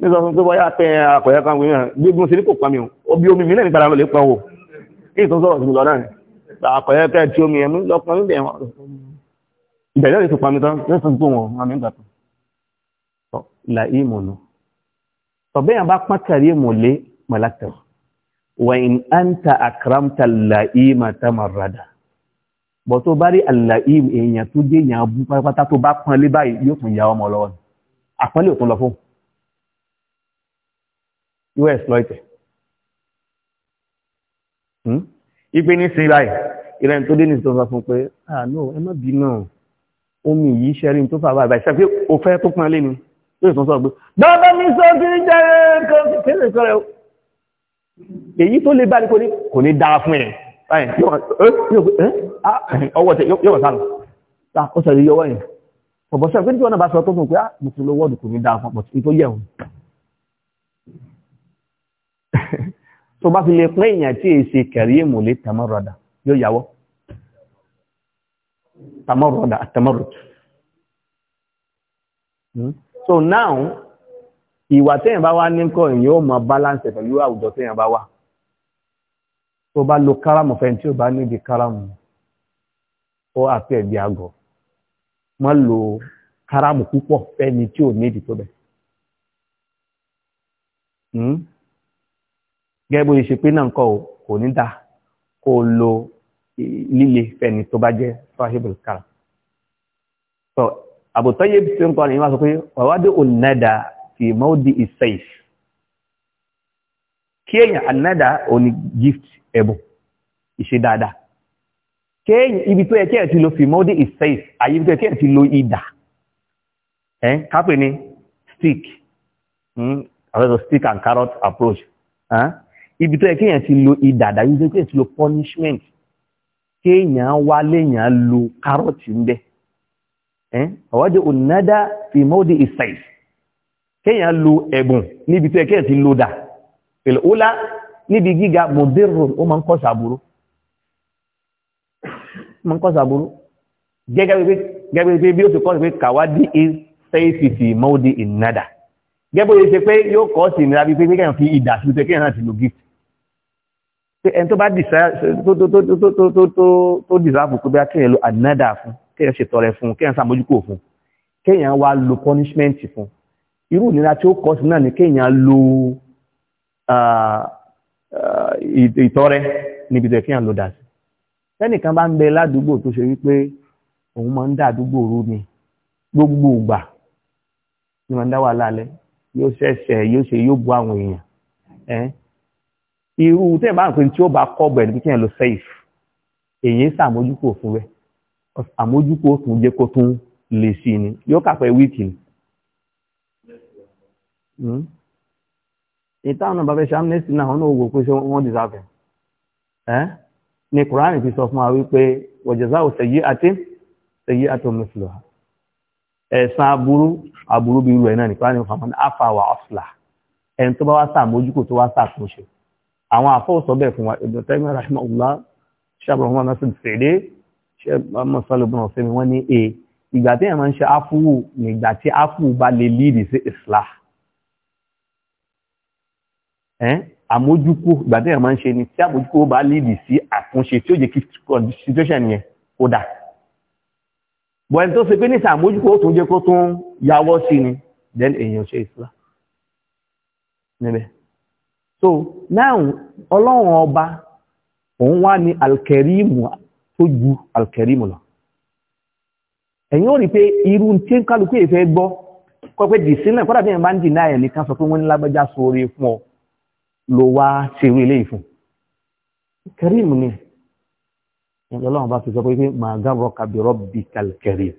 ní sọ fún tó bọ́ yá pẹ́ akọ̀yà kan wíwọ̀n gbégbó sí ní kò pa mi o obi omi mìíràn nípa ara lè pa o kí ìtọ́ sọ̀rọ̀ sí mi lọ́dọ̀ rẹ̀ akọ̀yà kẹ́ tí omi ẹ̀mú lọ́kàn níbẹ̀ wọn ìbẹ̀rẹ̀ lè tó pa mi tán yóò tún gbóhùn ọmọ mi gbà tó là í mọ̀nà tọ̀bẹ́yàn bá pọ́n kẹ̀rí mọ̀lé mọ̀lá tẹ̀wọ̀ wa in anta akramta al-la'ima tamarrada bọ̀ tó bá rí al-la'im èèyàn tó dé èèyàn abú pátápátá tó bá pọ́n lé báyìí yóò tún ya ọmọ lọ́wọ́ ni àpọ́nlé òtún lọ fún yóò exploit ipe ní sí báyìí ìrẹ́ni tó dé ní ìtọ́sọ fún pé ah no ẹ má bínú omi yìí ṣẹ́rin tó fà báyìí ṣe pé o fẹ́ tó pọ́n lé ni yóò tún sọ pé bàbá mi sọ bí jẹ́ kí èyí tó lè bá ní kò ní kò ní dára fún ẹ̀ ọwọ́ tẹ yóò sálọ ó sẹ̀rí yọwọ́ yẹn ọ̀bọ̀ sẹ́yìn pé ní wọn náà bá sọ tó fún pé mo ti lo wọ́ọ̀dù kò ní dára fún ọ̀pọ̀ tó yẹ òun tó bá fi lè pín èèyàn tí èsì kẹ̀rí èmò lè tàmọ́rọ̀dà yóò yàwọ́ tàmọ́rọ̀dà àtàmọ́rọ̀dà hmm? so now ìwà tẹ́yìn bá wá ní kọ́ ìyẹn ó mọ balance pẹ̀lú àwùjọ tẹ́yìn bá wà tó bá lo káràmù fẹ́ tí ó bá níbi káràmù ó àti ẹ̀bí àgọ̀ mọ́ lo káràmù púpọ̀ fẹ́ni tí ò níbi tó bẹ̀. Hmm? gẹ́gẹ́ bó ṣe pé náà kọ́ kò ní dá kó lo líle fẹ́ni tó bá jẹ́ fáṣíbìlì káràmù. àbòtọ́yé tí ń kọ́ ni wọ́n sọ pé ọ̀wádìí ò nẹ́dàá fi mọ́ọ̀dì ìsẹ́ìf kí èyàn anádà òní gift ẹ̀bùn ìṣe dáadáa kí èyàn ibi tó yẹ kí ẹ̀ ti lo fi mọ́ọ̀dì ìsẹ́ìf àyè ibi tó yẹ kí ẹ̀ ti lo ìdà ẹ̀ kápẹ́ ni stick àwọn hmm, stick and carrot approach Ah. ibi tó yẹ kí èyàn ti lo ìdà àdáyé ibi tó yẹ kí ẹ̀ ti lo punishment kí èyàn wá lo carrot ń bẹ́ ọwọ́dẹ̀ ònádà fi mọ́ọ̀dì ìsẹ́ìf kéèyàn lo ẹ̀bùn níbi tó ẹ̀kẹ́ ti lo dà pẹ̀lú ó lá níbi gíga mọ̀dérò ó máa ń kọ́ sàbúrú máa ń kọ́ sàbúrú gẹ́gẹ́ bí bí ó ti kọ́ sí pé kàwádìí ìfẹ́ìfìfì mọ́ọ́dí ìnádà gẹ́gẹ́ bó ṣe ṣe pé yóò kọ́ sí ìnira bíi pé kéèyàn fi ìdà sí ìtẹ́kẹ́ náà ti lo gift ẹni tó bá tó dìsáàfù pé bí a kéèyàn lo ànádà fún kéèyàn ṣètọrẹ fún kéèyàn sàmójúkò fún kéèyàn wá lo punishment fún irú ìnira tí ó kọ́ sí náà ní kéèyàn lo ìtọrẹ níbi tó kéèyàn lò dà sí bá ń bẹ ládùúgbò tó ṣe wípé òun máa ń dá àdúgbò rú ni gbogbo ìgbà ni máa ń dá wà lálẹ́ yóò ṣẹ̀ṣẹ̀ yóò ṣe yóò bu àwọn èèyàn irú tẹ́ẹ̀ bá ń pè tí ó bá kọ́ bẹ̀ níbi kéèyàn lo safe èyí ń sàmójúkò fún rẹ̀ àmójúkò tún jẹ́ kó tún lè sí ni yóò kàpẹ́ wíìkì ni. Hmm? ìtàwọn bàbá ṣe amnesty náà wọn ò wò pé ṣé wọ́n deserve ẹ̀ ni Quran fi sọ fún wa wípé wọ̀jẹ̀sá ò ṣèyí àti ṣèyí àti omisìlọ́ha ẹ̀sán aburú aburú bí irú ẹ̀ náà ní Quran fún àwọn afáwà ọ̀sùlà ẹni tó bá wá sàmójúkò tó wá sàkóso àwọn àfọ́sọ bẹ́ẹ̀ fún wa Ibn Taymiyyah rahimahullah ṣàbọ̀ wọn náà sì ṣe mọ́sálùbọ̀n ọ̀sẹ̀ ìgbà tí ẹ̀ máa ń ṣe áfúwù nígbà tí áfúwù bá lè lead sí islah àmójúkú ìgbà tí èèyàn máa ń ṣe ni tí àmójúkú ó bá líìdì sí àtúnṣe tí ó jẹ́ kí situation yẹn ó dà bọ̀ ẹni tó ṣe pé nísà àmójúkú ó tún jẹ́ kó tún yàwọ́ sí ni then èèyàn ṣe ìsúra níbẹ̀ so now ọlọ́run ọba òun wá ní alkerimu tó ju alkerimu lọ ẹ̀yìn ò rí pé irú tí ń kálukú èfẹ́ gbọ́ kọ́ pé dìsínlẹ̀ kọ́dà bí èèyàn bá ń dìnnà ẹ̀ nìkan sọ pé wọ́n ní lágbájá sóore fún ọ ló wá ṣe irú ilé ìfún kẹrìmù ni ìjọlọ́wọ́n bá fi sọ pé màá gábọ̀ kàbírọ̀ bí kàlkẹrìm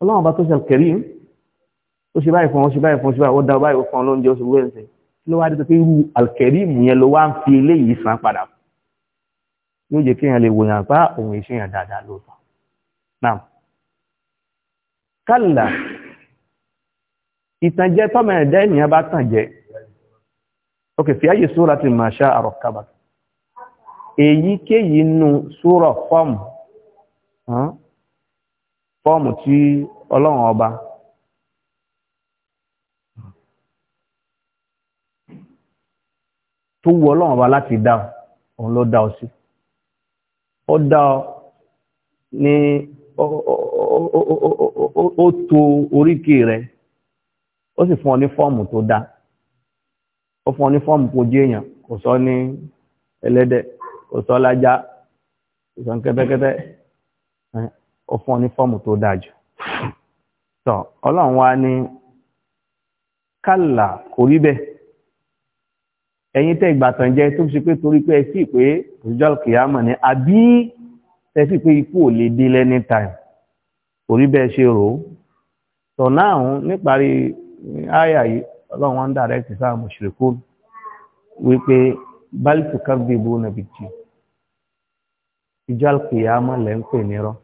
ọlọ́wọ́n bá tó ṣe kẹrìm ó ṣe báyìí fún ọ ṣe báyìí fún ọ ṣe báyìí ó da báyìí fún ọ lóúnjẹ ó ṣe wẹ́ẹ̀ ṣe ló wá dé tó pé irú alkẹrìmù yẹn ló wá ń fi eléyìí san padà yóò jẹ́ kéèyàn lè wòyàn pa ah, òun ìṣèyàn dáadáa lóòótọ́ náà kálà ìtànjẹ tọ́mọ ẹ̀dá ènìyàn bá tàn jẹ́ ok fi ayé sóra ti máa ṣá àrọ̀ kábà èyíkéyìí nù sóra fọ́ọ̀mù fọ́ọ̀mù tí ọlọ́run ọba tó wu ọlọ́run ọba láti dá òun ló dá ọ sí ó dá ọ ní ó to oríkèé rẹ ó sì fún ọ ní fọ́ọ̀mù tó dáa ó fún ọ ní fọ́ọ̀mù kò jẹ́ èèyàn kò sọ ní ẹlẹ́dẹ̀ kò sọ lájá kò sọ ní kẹ́tẹ́kẹ́tẹ́ ó fún ọ ní fọ́ọ̀mù tó dáa tọ́ ọlọ́run wa ní kálà kò rí bẹ́ẹ̀ ẹ̀yin tẹ́ ìgbàtàn jẹ́ tó ṣe pé torí pé ẹsí pé òjò kìyàmọ̀ ni àbí ẹsí pé ikú ò lè dé lẹ́ni time torí bẹ́ẹ̀ ṣe rò ó tọ̀ náà níparí àyà yìí ọlọ́run wọn dàrẹ́tì sáà mọ̀ṣẹ̀kó wípé bálítù kábíyèbó nàbì jì ìjọ àlùkìyàmọ́ lẹ́ ń pè nírọ́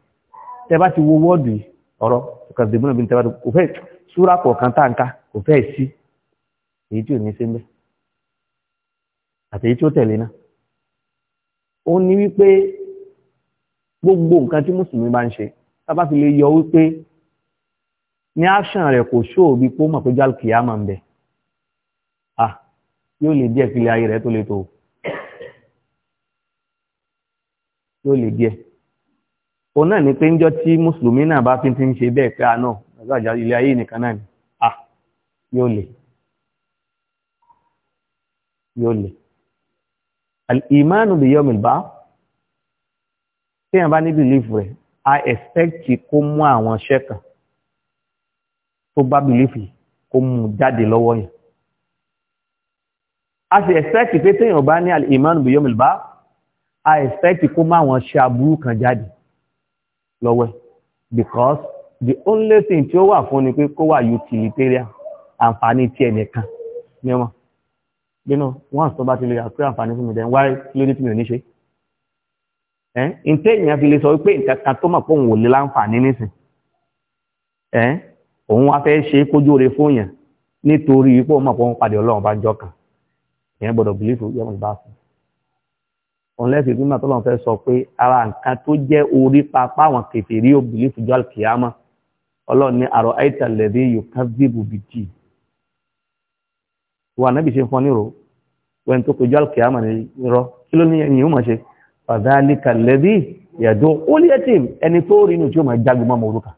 tẹ́ bá ti wo wọ́ọ̀dù ọ̀rọ̀ kábíyèbó nàbì ní sí rẹ̀ kò ṣóòbí pé ó mọ̀ pé jálùkìyàmọ́ ń bẹ̀ yóò lè díẹ̀ kílẹ̀ ayé rẹ̀ tó le tó yóò lè díẹ̀ òun náà ni pé ń jọ tí mùsùlùmí náà bá fi ti ń ṣe bẹ́ẹ̀ pé àná ah, ọ̀gájà ilé ayé nìkan náà ni à ah, yóò lè yóò lè al-imanu bi yawmil ba'th téèyàn bá ní bìlífù rẹ̀ i expect kó mú àwọn ṣẹ́kàn tó bá bìlífù kó mú jáde lọ́wọ́ yẹn a sì expect pé téèyàn bá ní al-iman bi yawmil a expect kó má wọn ṣe aburú kan jáde lọ́wọ́ because the only thing tí ó wà fún ni pé kó wà utilitarian àǹfààní tí ẹnìkan ní ọmọ gbéná once tó bá ti lè àpé àǹfààní fún mi then why ló ní tí mi ò ní ṣe ẹ́ n tẹ́ èèyàn fi lè sọ pé nǹkan kan tó mọ̀ pé òun ò lè láǹfààní nísìn ẹ́ òun wá fẹ́ ṣe kójú oore fún yàn nítorí pé òun mọ̀ pé òun pàdé ọlọ́run bá ń jọ kàn ìyẹn gbọ́dọ̀ bìlífù yọmọ ìbá fún un lẹ́sìn ìpínlẹ̀ tó lọ́n fẹ́ sọ pé ara nǹkan tó jẹ́ orí papá àwọn kèfèrí ò bìlífù jọ àkìyámà ọlọ́run ní àrò àìtàlẹ́dẹ́ yóò ká zébù bìjì wà nábì ṣe fún ọ nírò wẹ́n tó kojú àkìyámà ní irọ́ kí ló ní ẹ̀yìn ìhùmọ̀ ṣe fàdáàlì kàlẹ́dì yàdùn ó lé ẹtì ẹni tó rí inú tí ó máa jágbe mọ́ ọmọ òrùka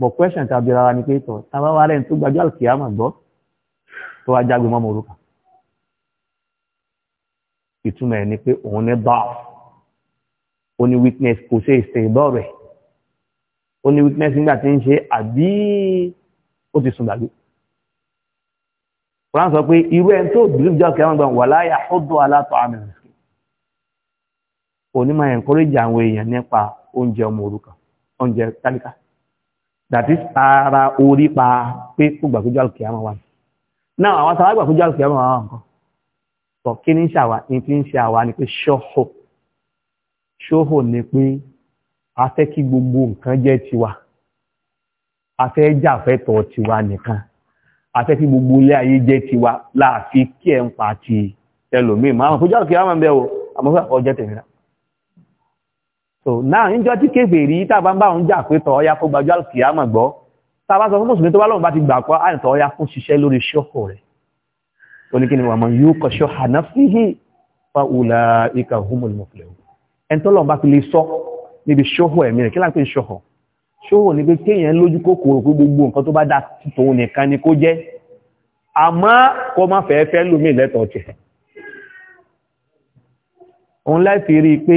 bọ̀ question tàbí rárá ni pé tọ̀ tábà wà rẹ̀ ń tó wá jágbe mọ́ mọ́rúkà ìtumọ̀ ẹ̀ ni pé òun ní báà ó ní weakness kò ṣe ìsìnbọ̀ rẹ̀ ó ní weakness nígbà tí ń ṣe àbí ó ti sùn gbàgbé wọ́n sọ pé irú ẹni tó believe jọ́ kẹwọn gbọ́n wà láyà ọdún alátọ̀ àmì onímọ̀ encourage àwọn èèyàn nípa oúnjẹ ọmọ òrukàn oúnjẹ tálíkà that is ara orí pa pé kó gbàgbé jọ́ kẹwọn wà náà àwọn sàwágbà fún jálùkì ọmọ àwọn nǹkan bọ̀ kí ní ṣàwà ní fi ń ṣe àwà pé ṣọ́hò ni pé a fẹ́ kí gbogbo nǹkan jẹ́ tiwà, a fẹ́ tọ̀ tiwa nìkan a fẹ́ kí gbogbo ilé ayé jẹ́ tiwà láàfi kí ẹ̀ ń pa ti tàbá sọ fún mùsùlùmí tó bá lọ́wọ́ bá ti gbà kọ́ àìtọ́ ọya fún ṣiṣẹ́ lórí ṣọ́kọ̀ rẹ̀ oníkíni wà mọ̀ yóò kọ̀ ṣọ́ hàná fíhì fa ùlà ìkà humul muflihun ẹni tó lọ́wọ́ bá fi lè sọ níbi ṣọ́kọ̀ ẹ̀mí rẹ̀ kí láti pè ṣọ́kọ̀ ṣọ́kọ̀ ni pé kéèyàn lójú kòkòrò pé gbogbo nǹkan tó bá dá tòun nìkan ni kó jẹ́ àmọ́ kó òun láì rí pé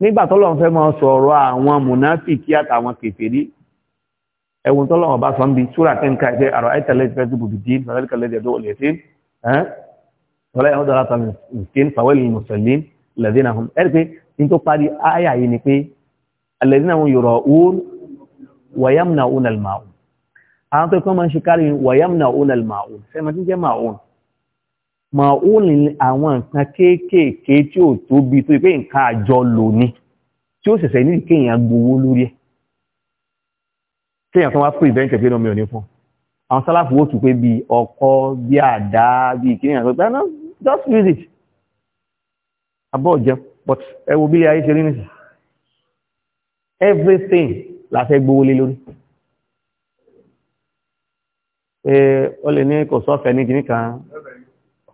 nígbà fẹ́ máa sọ̀rọ̀ àwọn mùnáfìkì àtàwọn kèfèrí ẹ̀wùn tó lọ́wọ́ bá sọ ń bi súrà tẹ́ ń ka ẹgbẹ́ àrọ̀ àìtẹ̀lẹ́ ìfẹ́ tó bùbí dín fàlẹ́lẹ́kà lẹ́dí ẹ̀dọ́ òlẹ̀ sí tọ́lá ẹ̀hún dọ́là tàbí nìkín fàwẹ́lì mùsùlùmí lẹ́dínà hùn ẹ̀rí pé ní tó parí àyà yìí ni pé lẹ́dínà hùn yọ̀rọ̀ òun wàyámùnà òun àlùmáwùn àwọn tó kọ́ máa ń ṣe kárí wàyámùnà òun àlùmáwùn sẹ́mi tí kéèyàn tó wá fún ìbẹ́ǹtẹ̀ pé lọ́mọ òní fún àwọn sálàfù wò tù pé bí ọkọ́ bí àdá bí kéèyàn tó gbáná just use it abọ́ jẹ but ẹ wo bílẹ̀ ayé ṣe rí nìsí everything la fẹ́ gbowó lé lórí ó lè ní kò sọ́fẹ̀ ní kìíní kan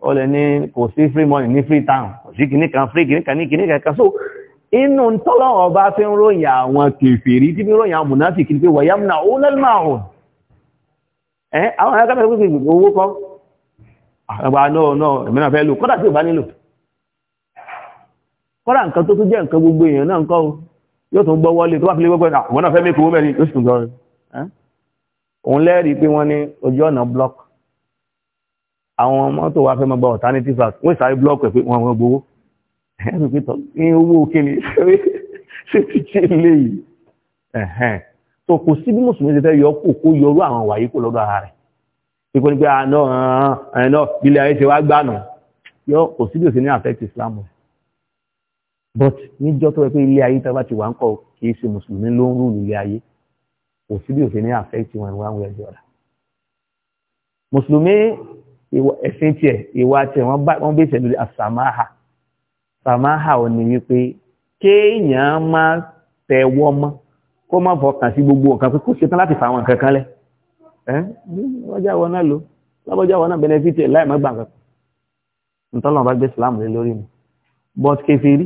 ó lè ní kò sí free money ní free town kò sí kìíní kan free kìíní kan ní kìíní kan kan so inú tọ́lọ́wọ́ bá fi ń ròyìn àwọn kèfèrí tí fi ròyìn àwọn mùnáfíkì ní pé wàyámùnà ó lẹ́lmà ọ̀hún ẹ́ àwọn akẹ́kẹ́ pé owó kọ́ àgbà náà náà ẹ̀mẹ́nà fẹ́ lò kọ́dà tí ò bá nílò kọ́dà nǹkan tó tún jẹ́ nǹkan gbogbo èèyàn náà nǹkan yóò tún gbọ́ wọlé tó bá fi lé gbogbo ẹ̀ àwọn náà fẹ́ mẹ́kọ̀ọ́ mẹ́rin yóò sì tún sọ̀rọ̀ òun lẹ́rìí pé wọ́n ní ojú ọ̀nà block àwọn mọ́tò wa fẹ́ mọ́ gba alternative act wọ́n ìsáré block ẹ̀ pé wọ́n gbowó ẹ̀rù pítọ̀ ní owó òkèlè ṣe ti ṣe lè yìí ẹ̀hẹ́n tó kò sí bí mùsùlùmí ti fẹ́ yọ kó kó yọrú àwọn wàyí kó lọ́dọ̀ ara rẹ̀ pípọ́ ní pé àná ẹ̀nà ilẹ̀ ayé ṣe wá gbànà yọ kò sí bí òsì ní affect Islam rẹ̀ but níjọ́ tó yẹ pé ilé ayé tá bá ti wà ń kọ́ kì í ṣe mùsùlùmí ló ń rúlu ilé ayé kò sí bí òsì ní affect wọn wá ń wẹ̀ ẹ̀jọ̀ rà mùsùlùmí ẹ̀sìn tiẹ̀ ìwà tiẹ̀ wọ́n bá sàmáhà ò ní wípé kéèyàn máa tẹ̀wọ́ mọ́ kó má fọkàn sí gbogbo nǹkan pé kó ṣetán láti fà àwọn nǹkan kan lẹ̀ ẹ́ lọ́jà wọn náà lò lọ́bọ̀jà wọn náà benefit ẹ̀ láì má gbà nǹkan ntọ́lọ́wọ́n bá gbé sàlámù lé lórí mi but kèfèrí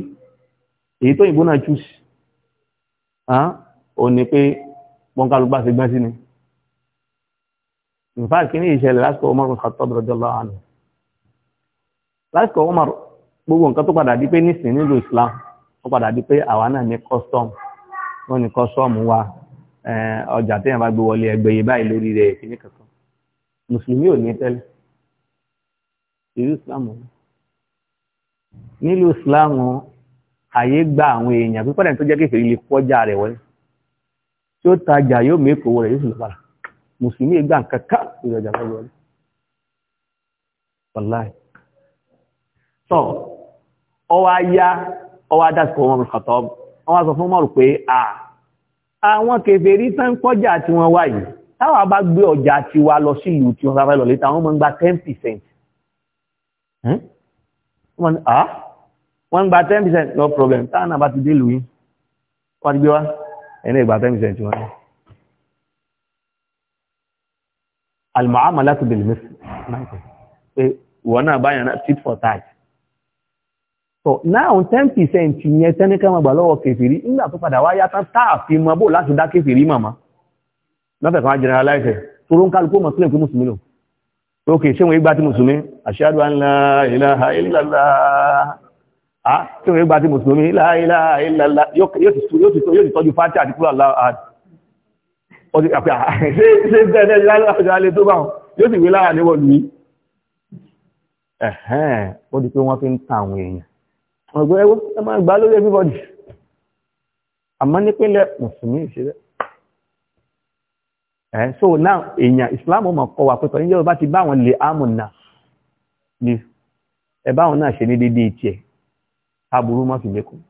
èyí tó ìbò náà choose ò ní pé pọ́nkálùgbà sí gbá sí ni in kí ní ìṣẹ̀lẹ̀ lásìkò Umar bin Khattab radiyallahu anhu lásìkò Umar gbogbo nǹkan tó padà di pé nísìn nílùú Islam ó padà di pé àwa náà ní custom wọ́n ní custom wa ọjà téèyàn bá gbé wọlé ẹgbẹ́ yìí báyìí lórí rẹ̀ ìpínlẹ̀ kankan mùsùlùmí ò ní tẹ́lẹ̀ ìlú Islam nílùú Islam àyè gba àwọn èèyàn pípọ́ dẹ̀ tó jẹ́ kékeré lè kọjá rẹ̀ wọlé tí ó tajà yóò mẹ́kọ̀ owó rẹ̀ yóò sì lọ padà mùsùlùmí gbà kankan ìrọ̀jà fẹ́ wọlé. So, ọwá yá ọwá dásìkò wọn mọ̀ kọ̀tọ́ wọn sọ fún mọ́rù pé à àwọn kèfèrí tán kọjá tí wọ́n wá yìí táwa bá gbé ọjà tí wa lọ sílùú tí wọ́n sáfẹ́ lọ létà wọ́n mọ́ ń gba 10% hmm? wọ́n gba 10% no problem táwọn náà bá ti dé lù yín wọ́n ti gbé wá ẹ̀yìn náà gba 10% wọn ni al-mu'amalatu bil-mithl pé wọ́n náà báyàn náà tit for tat so now ten percent yẹn tẹ́ni ká máa gbà lọ́wọ́ kẹfìrí nígbà tó padà wáyá tán táàfin mọ́ bó láti dá kẹfìrí màmá lọ́fẹ̀ẹ́ kan á generalize toró ń kálukú mọ̀ sílẹ̀ pé mùsùlùmí lò ókè ṣé wọ́n igbá tí mùsùlùmí ashhadu an la ilaha illallah ah ṣé wọ́n igbá tí mùsùlùmí la ilaha illallah yóò ti tọ́jú fátí àti kúrò aláàdì ọdí àpẹ́ ṣe bẹ́ẹ̀ lálẹ́ tó bá yóò sì wé lára níwọ̀lú yìí ẹ̀hẹ́n ó di pé wọ́n fi ń ta àwọn èèyàn ọ̀gbọ́n ẹwọ́ ẹ máa gbá lórí everybody àmọ́ nípínlẹ̀ mùsùlùmí ìṣeré ẹ̀ so now èèyàn islam mọ̀ kọ́ wà pẹ́tọ̀ bá ti bá wọn lè amụ na ni ẹ bá wọn náà ṣe ní déédéé tiẹ̀ aburú má fi lékún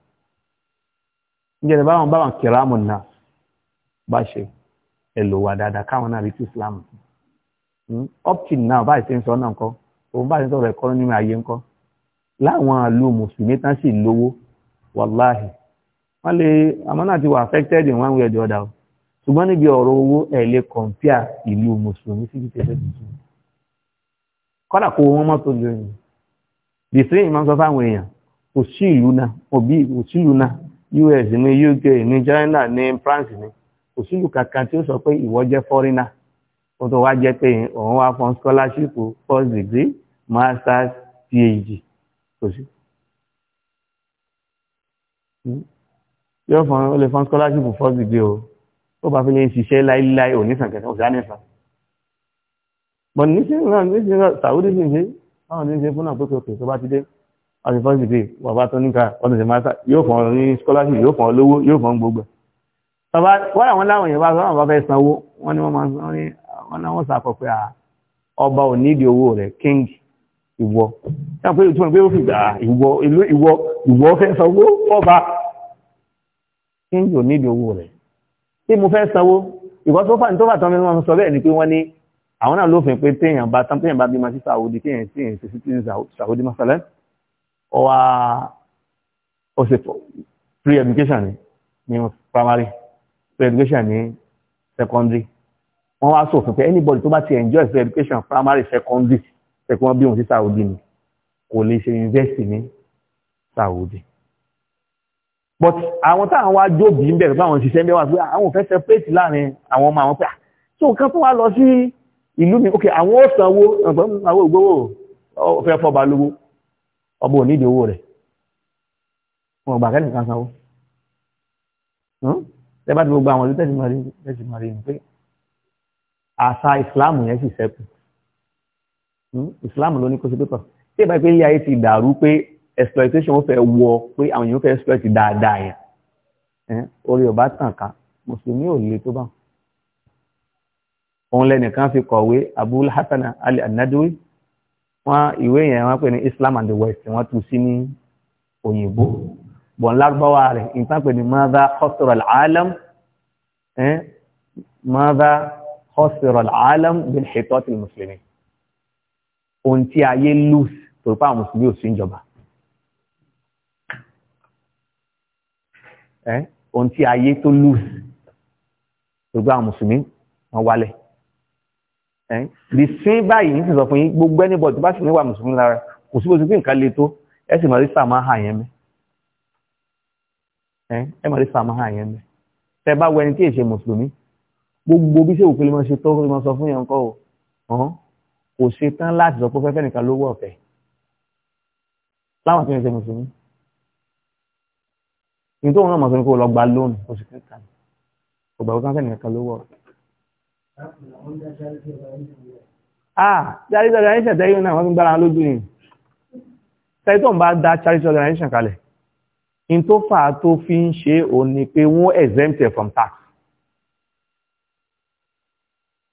níjọba bá wọn bá wọn kẹrọ bá ṣe ẹ lò wà dáadáa káwọn náà rí tí islam hmm? up till now ń láwọn àlú mùsùlùmí tán sì lówó wàláhì wọ́n lè ti wà affected in one way or the other ṣùgbọ́n níbi ọ̀rọ̀ owó ẹ̀ lè kọ̀ǹpíà ìlú mùsùlùmí sí ti tuntun kọ́dà kó wọ́n mọ́tò lóyún bìsí ìmọ̀ sọ èèyàn kò ìlú náà òbí kò ìlú náà US ní UK ní China ní France ní kò sí ìlú kankan tí ó sọ pé ìwọ tó wá pé òun first degree masters PhD kò sí yóò fún ọ lè fún scholarship first degree o ó bá fi lè ṣiṣẹ́ láíláí ò ní sànkẹ́kẹ́ ọ̀sán nífà bọ̀ nísìnyí náà nísìnyí náà sàwúdí sì ń ṣe báwọn ní ṣe fún náà pé tó bá ti dé ọdún first degree wà bá tó níka ọdún ṣe máta yóò fún ọ ní scholarship yóò fún ọ lówó yóò fún ọ gbogbo tọba wọ́n àwọn láwọn èèyàn bá sọ àwọn bá fẹ́ sanwó wọ́n ní wọ́n máa ń sanwó ní wọ́n náà ọba ò nídìí owó rẹ̀ king ìwọ yàpé ìtumọ̀ pé ó fi gbà ìwọ ìwọ ìwọ fẹ́ sanwó fọ́ba kí n yóò nídìí owó rẹ̀ tí mo fẹ́ sanwó ìwọ tó fà ní tó fà tán mẹ́rin wọn sọ bẹ́ẹ̀ ni pé wọ́n ní àwọn náà lófin pé téèyàn bá tán téèyàn bá bímọ sí sàwọ́dí téèyàn sí èyàn sí sí sàwọ́dí mọ́sálẹ́ ọwá ọ̀sẹ̀ pre education ní primary pre education ní secondary wọ́n wá sófin pé anybody tó bá ti enjoy pre education primary secondary ẹ̀kọ́ wọn bí wọn sí Saudi ni kò lè ṣe invest ní Saudi but àwọn táwọn wá jóòbí ń bẹ̀rẹ̀ báwọn ṣiṣẹ́ ń bẹ̀rẹ̀ wá pé àwọn fẹ́ separate láàrin àwọn ọmọ àwọn pé ah, so nǹkan tó wá lọ sí ìlú mi ok àwọn ó sanwó ọ̀gbọ́n àwọn ògbówó ọ̀fẹ́ fọba lówó ọba ò nídìí owó rẹ̀ wọn gbà kẹ́lẹ̀ kan sanwó lẹ́bàá hmm? tí gbogbo àwọn ìlú tẹ̀sí mọ́rí pé àṣà ìsìláàmù yẹn sì sẹ́kù Hmm? Islam ló ní kó ṣe pépà tí ìbá pé ilé ayé ti dàrú pé exploitation ó fẹ́ wọ pé àwọn èèyàn fẹ́ exploit dáadáa yẹn orí ọba tàn ká mùsùlùmí ò le tó bá òun lẹnìkan fi kọ̀wé Abul Hasan Ali An-Nadwi wọn ìwé yẹn wọn pè ní Islam and the West wọn tú sí ní òyìnbó bọ̀n lárúbáwá rẹ̀ nǹkan pè ní mọ́dá khosral alam mọ́dá khosral alam bin hitot al-muslimin ohun tí ayé lose tó pa àwọn mùsùlùmí ò sí ìjọba ẹ ohun tí ayé tó lose tó pa mùsùlùmí wọn wálẹ̀ ẹ the same báyìí ní sísọ fún yín gbogbo anybody tó bá sì ní wà mùsùlùmí lára kò sí bóṣe pé nǹkan le tó ẹ sì mọ̀ rí sàmá hà yẹn mẹ́ ẹ ẹ mọ̀ rí sàmá hà yẹn mẹ́ tẹ bá wọ tí èsè mùsùlùmí gbogbo bí sèwòkè lè máa ṣe tó lè máa sọ fún yẹn nǹkan o kò ṣe tán láti sọ pé fẹ́fẹ́ nìkan lówó ọ̀fẹ́ láwọn tí wọ́n ṣe mùsùlùmí ní tó ń rán màsán kó lọ gba lónìí oṣù kẹta kò gbàgbé káńsẹ̀ nìkan lówó ọ̀fẹ́. ah charity organization tẹ́yìn náà wọ́n fi ń gbára lójú ni tẹ́yìn tó ń bá dá charity organization kalẹ̀ in tó fà á tó fi ń ṣe òun ni pé wọ́n exempt from tax.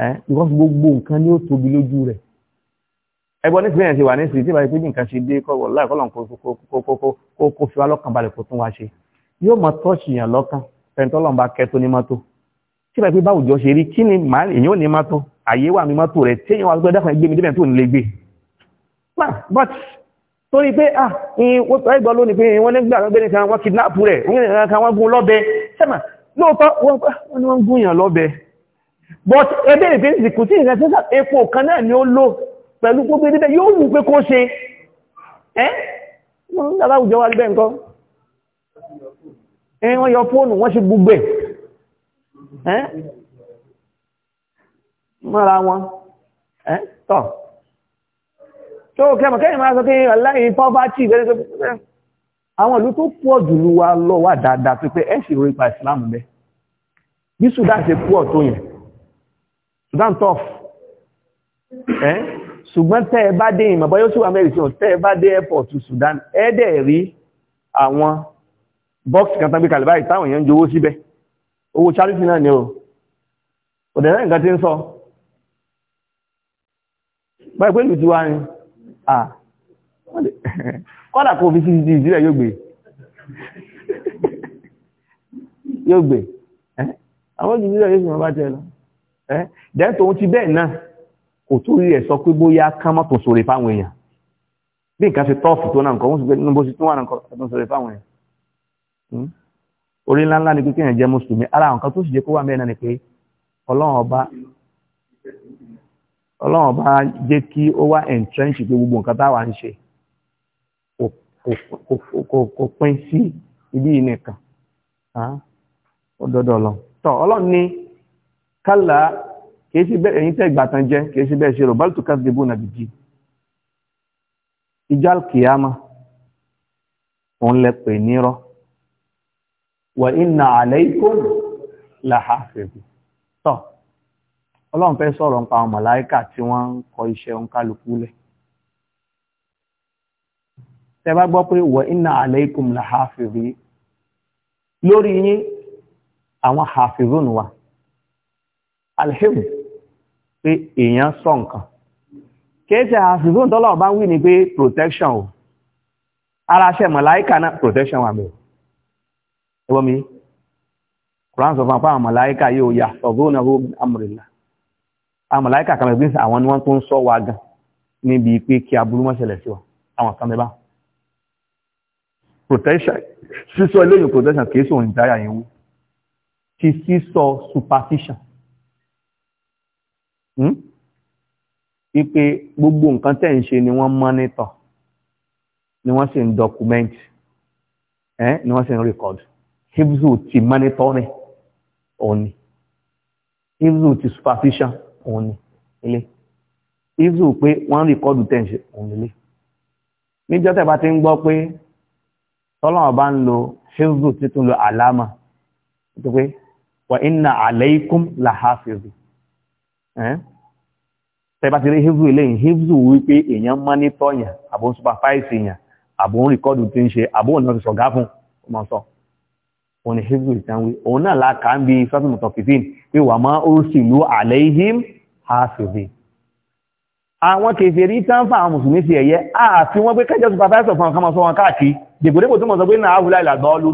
because gbogbo nǹkan ni ó tóbi lójú rẹ̀ ẹgbọ́n nísìnyí ẹ̀ ti wà nísìnyí tí ìbáyìí pé bí nǹkan ṣe dé kọ́ wọ̀lá ìkọ́lọ̀ kó fi wá lọ́kàn balẹ̀ kó tún wá ṣe yóò mọ tọ́ọ̀ṣì yàn lọ́kàn pẹ̀ntọ́lọ́n bá kẹ́ tó ní mọ́tò tí ìbáyìí pé báwùjọ ṣe rí kí ni màá èèyàn ò ní mọ́tò àyè wà mí mọ́tò rẹ̀ tí èèyàn wà gbé dákùnrin gbé mi débẹ̀ tó ní lè gbé but torí pé ah wọ́n sọ ẹgbọ́ lónìí pé wọ́n nígbà wọ́n gbé nìkan wọ́n kidnap rẹ̀ wọ́n gún lọ́bẹ sẹ́mà lóòótọ́ wọ́n gún yàn lọ́bẹ but ẹgbẹ́ ìpé ìsìnkú tí ìrẹsẹ́ epo kan náà ni ó lò pẹ̀lú gbogbo ẹgbẹ́ yóò wù pé kó ṣe ẹ́ wọ́n dára àwùjọ wà lẹ́bẹ̀ nǹkan ẹ́ wọ́n yọ fóònù wọ́n ṣe gbogbo ẹ̀ mọ́ra wọn ẹ́ tọ́ tó kẹmọ̀ kẹ́yìn máa sọ pé aláìní pọ́bátì àwọn ìlú tó pọ̀ jùlọ wa lọ wà dáadáa pé ẹ́ sì rí pa ìsìlámù bẹ́ bí Sudan ṣe pọ̀ tó yẹn Sudan tough eh ṣùgbọ́n tẹ́ ẹ bá dé ìmọ̀ bọ́ yóò sí wà mẹ́rin sí ọ̀tẹ́ ẹ bá dé airport Sudan. Sudan ẹ́dẹ̀ rí àwọn box kan tàbí kalẹ̀ báyìí táwọn èèyàn jowó síbẹ̀ owó charity náà ni o ọ̀dẹ̀ náà nǹkan ti ń sọ báyìí pé ìlú ti wá ní à kọ́dà kò fi cct ìsílẹ̀ yóò gbé yóò gbé eh? àwọn ìlú ìsílẹ̀ yóò sì mọ̀ bá tẹ̀ lọ dẹ́n tòun ti bẹ́ẹ̀ náà kò tó rí ẹ̀ sọ pé bóyá ká má tó sòrè fáwọn èèyàn bí nǹkan ṣe tọ́ọ̀fù tó náà nǹkan wọ́n sì tún wà nǹkan tó fáwọn èèyàn hmm? orí ni pé jẹ́ ara àwọn tó sì jẹ́ kó wà mẹ́rin ọba jẹ́ kí gbogbo nǹkan táwa ń ṣe kò sí ibi ìnìkan ọdọọdọ lọ kálá kìí sí bẹ́ẹ̀ ẹ̀yìn tẹ́ gbàtàn jẹ́ kìí sí bẹ́ẹ̀ ṣe rò bálùtù kásìdìbò nàbì jì ìjọ kìyàmà òun lẹ pè wà la hafizu tọ́ ọlọ́run fẹ́ sọ̀rọ̀ nípa àwọn màláíkà tí wọ́n ń kọ iṣẹ́ òǹkálukú lẹ̀ tẹ́ bá gbọ́ pé wà la lórí yín àwọn nù alhim pé èèyàn sọ nǹkan kéèsì àfihàn tọ́lọ̀ bá ń wí ni pé protection o ara ṣe màláíkà náà protection wà mẹ́rin ẹgbọ́n mi Quran sọ fún apá àwọn màláíkà yóò yà ọgbọ́n náà amúrìlá àwọn màláíkà kan mẹ́rin àwọn ni wọ́n tó ń sọ wa gan níbi pé kí aburú má ṣẹlẹ̀ sí wa àwọn kan mẹ́bá protection sísọ eléyìí protection kìí sóhun ìdáyà yẹn wú ti sísọ superstition Hmm? wípé gbogbo nǹkan tẹ́ ń ṣe ni wọ́n mọ́nítọ̀ ni wọ́n sì ń document, ẹ́ eh, ni wọ́n sì ń record. hibzu ti mọ́nítọ́rìn òun ni hibzu ti superficial òun ni ilé hibzu pé wọ́n record tẹ́ ń ṣe òun nílé níjọ́ tẹ́ bá ti ń gbọ́ pé tọ́lọ́wọ́n bá ń lo hibzu títún lo àlámà wípé wà inna alaykum la hafizu tẹ́bá ti rí hevzu eléyìn hevzu wípé èèyàn mọ́nítọ́ yàn àbò ń supervise yàn àbò ń rìkọ́dù tí ń ṣe àbò òun náà ti sọ̀gá fún ọmọ sọ òun ni hevzu ìtànwé òun náà láàkà ń bi sọ́tún mọ̀tọ̀ fifteen pé wà máa ó sì lu àlẹ́yìn àṣìbí àwọn kèfèrí tán fún àwọn mùsùlùmí ti ẹ̀yẹ àfi wọ́n pé kẹjọ supervisor fún ọkọ̀ sọ wọn káàkiri dègbòdègbò tó mọ̀ sọ pé náà àwùlá ìlàgbà ọlú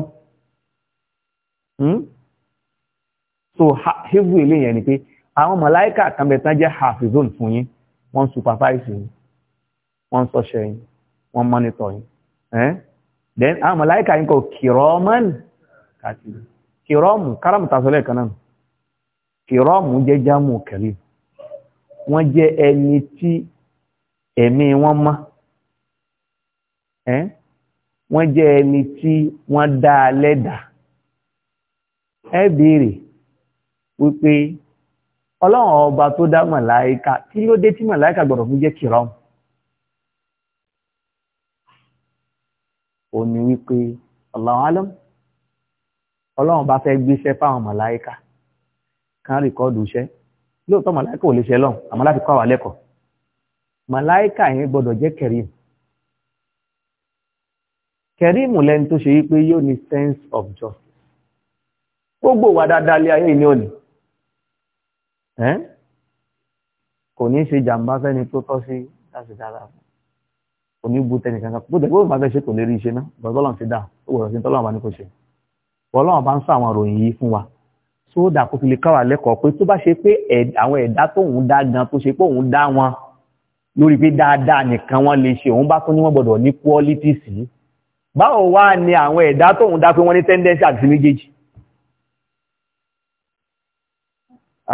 hmm? so àwọn mọ̀láíkà kàmbẹ̀tán jẹ́ hafizun fún yín wọ́n supervise yín wọ́n sọ́ṣẹ́ yín wọ́n monitor yín ẹ́n then àwọn mọ̀láíkà yín kọ kìrọ́mọ́n kàtìlì kìrọ́mù káràmù tàṣọlẹ̀ kan náà kìrọ́mù jẹ́ jámù kẹrì wọ́n jẹ́ ẹni tí ẹ̀mí wọn mọ́ ẹ́n wọ́n jẹ́ ẹni tí wọ́n dá lẹ́dà ẹ béèrè wípé ọlọ́run ọba tó dá màláíkà kí ló dé tí màláíkà gbọ́dọ̀ fún jẹ́ kìrọ́m ò ní wípé Allahu alam ọlọ́run bá fẹ́ gbéṣẹ́ fáwọn màláíkà kan rìkọ́dù iṣẹ́ lóòótọ́ màláíkà ò lè ṣe lọ́hùn àmọ́ láti kọ́ àwọn lẹ́kọ̀ọ́ màláíkà yẹn gbọ́dọ̀ jẹ́ kẹrìm kẹrìm lẹ́ni tó ṣe wípé yóò ní sense of justice gbogbo wa dáadáa lé ayé ìní òní ẹ́n kò ní ṣe jàǹbá fẹ́ni tó tọ́ sí láti dára fún kò ní bu tẹnìkan kan bó tẹ̀gbọ́n bá fẹ́ ṣe kò lè rí iṣẹ́ náà bọ́lọ́n ti dà ó wọ̀rọ̀ sí tọ́lọ́n bá ní kò ṣe bọ́lọ́n bá ń sọ àwọn ìròyìn yìí fún wa tó dà kó fi lè káwà lẹ́kọ̀ọ́ pé tó bá ṣe pé àwọn ẹ̀dá tóun dá gan tó ṣe pé òun dá wọn lórí pé dáadáa nìkan wọ́n lè ṣe òun bá tún ní wọ́n gbọ́dọ̀ ní quality báwo wá ni àwọn ẹ̀dá tóun dá pé wọ́n ní tendency àti méjèèjì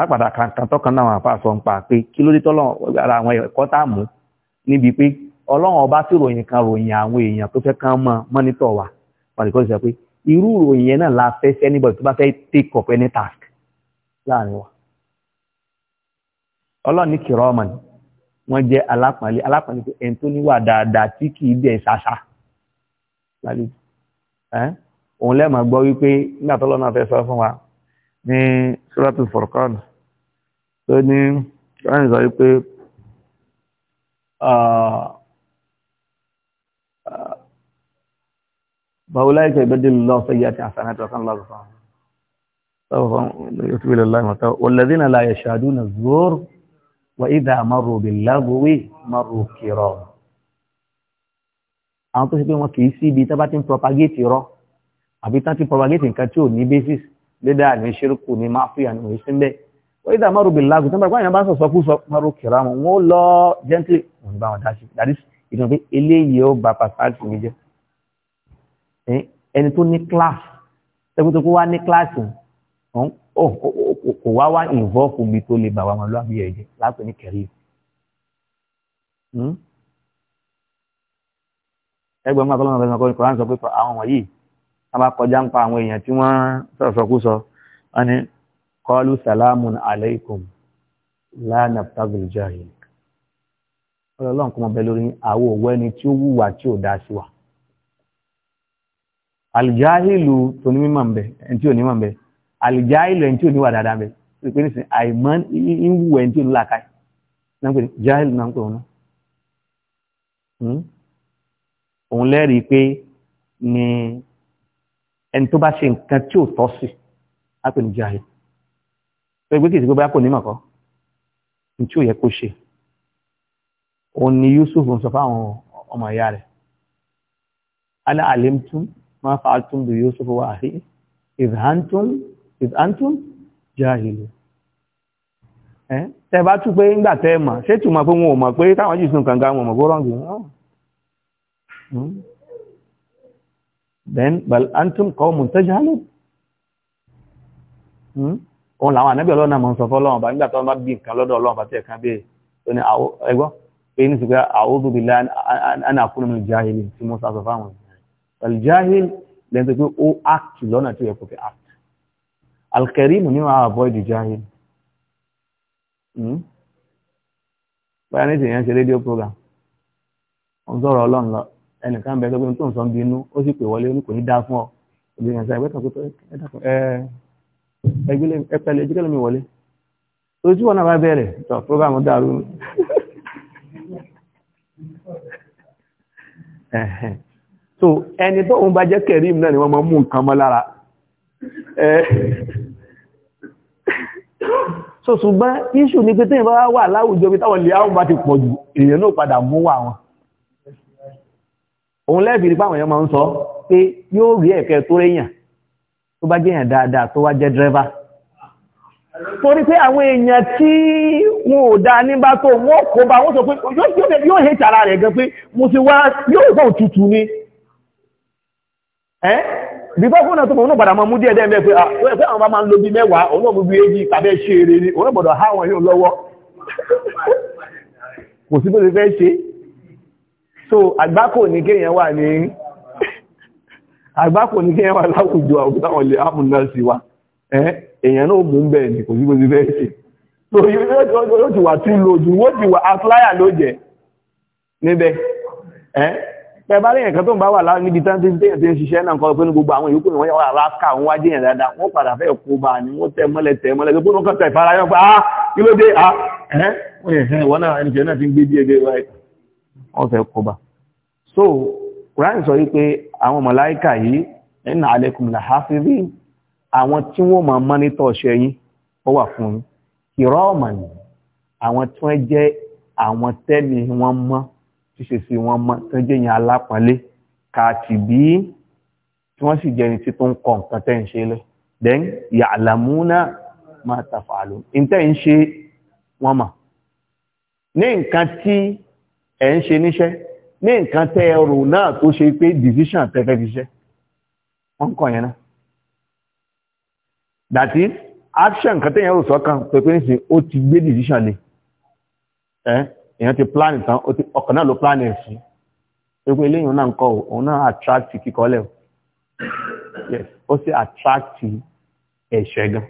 àpàdà kankan tọ́kan náà àpá sọ ń pa pé kí ló dé tọ́lọ́ ara àwọn ẹ̀kọ́ tá a mú níbi pé ọlọ́run ọba sì ròyìn kan ròyìn àwọn èèyàn tó fẹ́ kán mọ́ mọ́nítọ̀ wa wọn lè kọ́ sọ pé irú ròyìn yẹn náà la fẹ́ fẹ́ níbọ̀ tó bá fẹ́ take up any task láàrin wa ọlọ́run ní kìrọ́ọ̀mọ̀ ni wọ́n jẹ́ alápàlẹ́ alápàlẹ́ pé ẹni tó níwà dáadáa tí kì í bẹ̀ ṣàṣà lálejò òun lẹ́ẹ̀mọ̀ gbọ́ wípé nígbà tọ́lọ́ náà fẹ́ sọ fún wa ní suratul Furqan tó ní ṣáàyìn sọ wípé bàúláìkà ìbẹ́dìlélọ́ sẹ́yà àti àṣánà tó kán lọ́gbọ̀n sọ́fọ́n yóò lọ́láì mọ̀tá wàlẹ́dínà la yashhaduna zuur wa idha marru bil-lagwi marru kiram àwọn tó ṣe pé wọn kì sí ibi tó bá ti ń propagate irọ́ àbí tán ti propagate nǹkan tí ò ní basis bídà ní ṣírkù ní máfíà ní òye síbẹ̀ wọ́n ìdá márùn bí lágùn tó bá gbáyàn bá ń sọ̀sọ́ kú sọ márùn kìrà wọn wọ́n lọ gently wọ́n bá wọn dá sí that is ìdùn pé eléyìí ó ba pàṣáàtì mi jẹ́ ẹni tó ní class tẹ́kútẹ́kú wá ní class kò wá wá involve omi tó lè bàbá wọn lọ́wọ́ àbíyẹ̀ jẹ́ láti ní kẹrí hmm? ẹgbẹ̀rún àtọ́lọ́mọ̀ fẹ́ràn kọ́ni kọ́ni sọ pé àwọn wọ̀nyí àbá kọjá ń pa àwọn èèyàn tí wọ́n sọ̀sọ̀kúsọ wọ́n ni kọlu salamun alaikum lánàftagul jahil ọlọ́run kọmọ bẹ lórí àwọ òwò ẹni tí ó wùwà tí ò dá sí wa alìjáhìlù tó ní mímọ̀ mbẹ ẹni tí ò ní mọ̀ mbẹ alìjáhìlù ẹni tí ò ní wà dáadáa mbẹ pé nísìnyí àìmọ́ ń wù ẹni tí ò ní làkàì ní ẹni tó bá ṣe nǹkan tí ò tọ́ sí á pè ní jahil tó ẹgbẹ́ kìí sí gbogbo akọni mọ̀kọ́ ní tí ò yẹ kó ṣe òun ni Yusuf ń sọ fáwọn ọmọ ìyá rẹ̀ ala alimtum ma fa'altum bi Yusuf wa ahi idh antum idh antum jahilu tẹ bá tún pé ńgbà tẹ mọ̀ ṣé tùmọ̀ pé wọn ò mọ̀ pé táwọn jù sínú kànga wọn mọ̀ bó rọ̀ǹgì wọn then bal antum qawmun tajhalun hmm on lawa nabi Ọlọ́run mo sọ fọ́lọ́run ba nígbà tó bá bi nǹkan lọ́dọ̀ Ọlọ́run ba te kan be oni awo egbo pe ni suga a'udhu billahi an akuna min jahilin tí mo sá sọ fa wọn al jahil len to o act lọ́nà tí ó ko ke act al karim ni wa avoid jahil hmm bayan ni yan ṣe radio program on sọ̀rọ̀ Ọlọ́run lọ ẹnìkan bẹ̀rẹ̀ pé tó ń sọ ń bínú ó sì pè wọlé kò ní dá fún ọ obìnrin ẹ̀sán ìgbẹ́tàn pípẹ́ ẹ̀dàkùn ẹgbẹ́lẹ̀ ẹpẹlẹ̀ ẹjíkẹ́lẹ̀ mi wọlé ojú wọn náà bá bẹ̀rẹ̀ tọ̀ prógámù dàrú so ẹni tó ń bá jẹ́ kẹ̀rìm náà ni wọ́n máa mú nǹkan mọ́ lára so ṣùgbọ́n iṣu ni pé téèyàn bá wà láwùjọ bí táwọn lè áwọn bá ti pọ̀ jù èèyàn náà padà mú wà wọn òun lẹ́bìrì báwọn èèyàn máa ń sọ pé yóò rí ẹ̀kẹ́ tó réyàn tó bá jẹ́yàn dáadáa tó wá jẹ́ dírẹ́fà torí pé àwọn èèyàn tí wọn ò dáa nígbà tó wọ́n kó bá wọ́n sọ pé yóò hẹ́ tààrà rẹ̀ gan pé mo ti wá yóò kọ́ òtútù ni ẹ́ bí bọ́kún náà tó mọ̀ náà padà mọ́ mú díẹ̀ dẹ́ẹ̀mẹ́ ah, pé àwọn bá máa ń lo bí mẹ́wàá òun náà mú bí so àgbákò ní kéèyàn wà ní àgbákò ní kéèyàn wà láwùjọ àwọn ilẹ̀ àmúná sí wa èèyàn náà mú bẹ́ẹ̀ ní kò sí bó ti fẹ́ ṣe so yóò ti wà tún lójú wó ti wà afláyà ló jẹ níbẹ̀ ẹ bá lẹ́yìn kan tó ń bá wà láà níbi tán tí tẹ́yàn tí ń ṣiṣẹ́ náà kọ́ pé gbogbo àwọn ìyókù ni wọ́n yà wà láàkà wọ́n wá jẹ́yàn dáadáa wọ́n padà fẹ́ kó bá ní wọ́n tẹ mọ́lẹ̀ tẹ mọ́lẹ̀ pé wọ́n kọ́ta ìfarayọ́ pé ah kí ló dé ah ẹ́ wọ́n náà ẹnìkẹ́ náà ti ń gbé díẹ̀ díẹ̀ wọ́n fẹ́ kó bá so Quran sọ wípé àwọn màláíkà yìí inna alaykum lahafizin àwọn tí wọ́n máa mọ́nítọ̀ ọ̀ṣẹ́ yín ó wà fún yín kiraman àwọn tí wọ́n jẹ́ àwọn tẹ́mi wọn mọ́ ṣíṣe sí wọn mọ́ tó jẹ́ yẹn alápọ̀nlé kàtìbí tí wọ́n sì jẹ́ ní títún kọ̀ nǹkan tẹ́ ń ṣe lẹ́ then ya'lamuna ma taf'alun ìtẹ́ ń ṣe wọ́n mà ní nǹkan tí ẹ̀ ń ṣe níṣẹ́ ní nǹkan tẹ́ ẹrù náà tó ṣe pé division tẹ́fẹ́ fi ṣẹ́ wọ́n kọ̀ yẹn náà that is action kan tẹ́yẹn rò sọ́kàn pé pé nísìn ó ti gbé division lé ẹ́ èèyàn ti plan ìtàn ọkàn náà ló plan ẹ̀ sí pé pé eléyìí náà ń kọ́ òun náà attract kíkọ́lẹ̀ yes ó sì attract ẹ̀ṣẹ̀ gan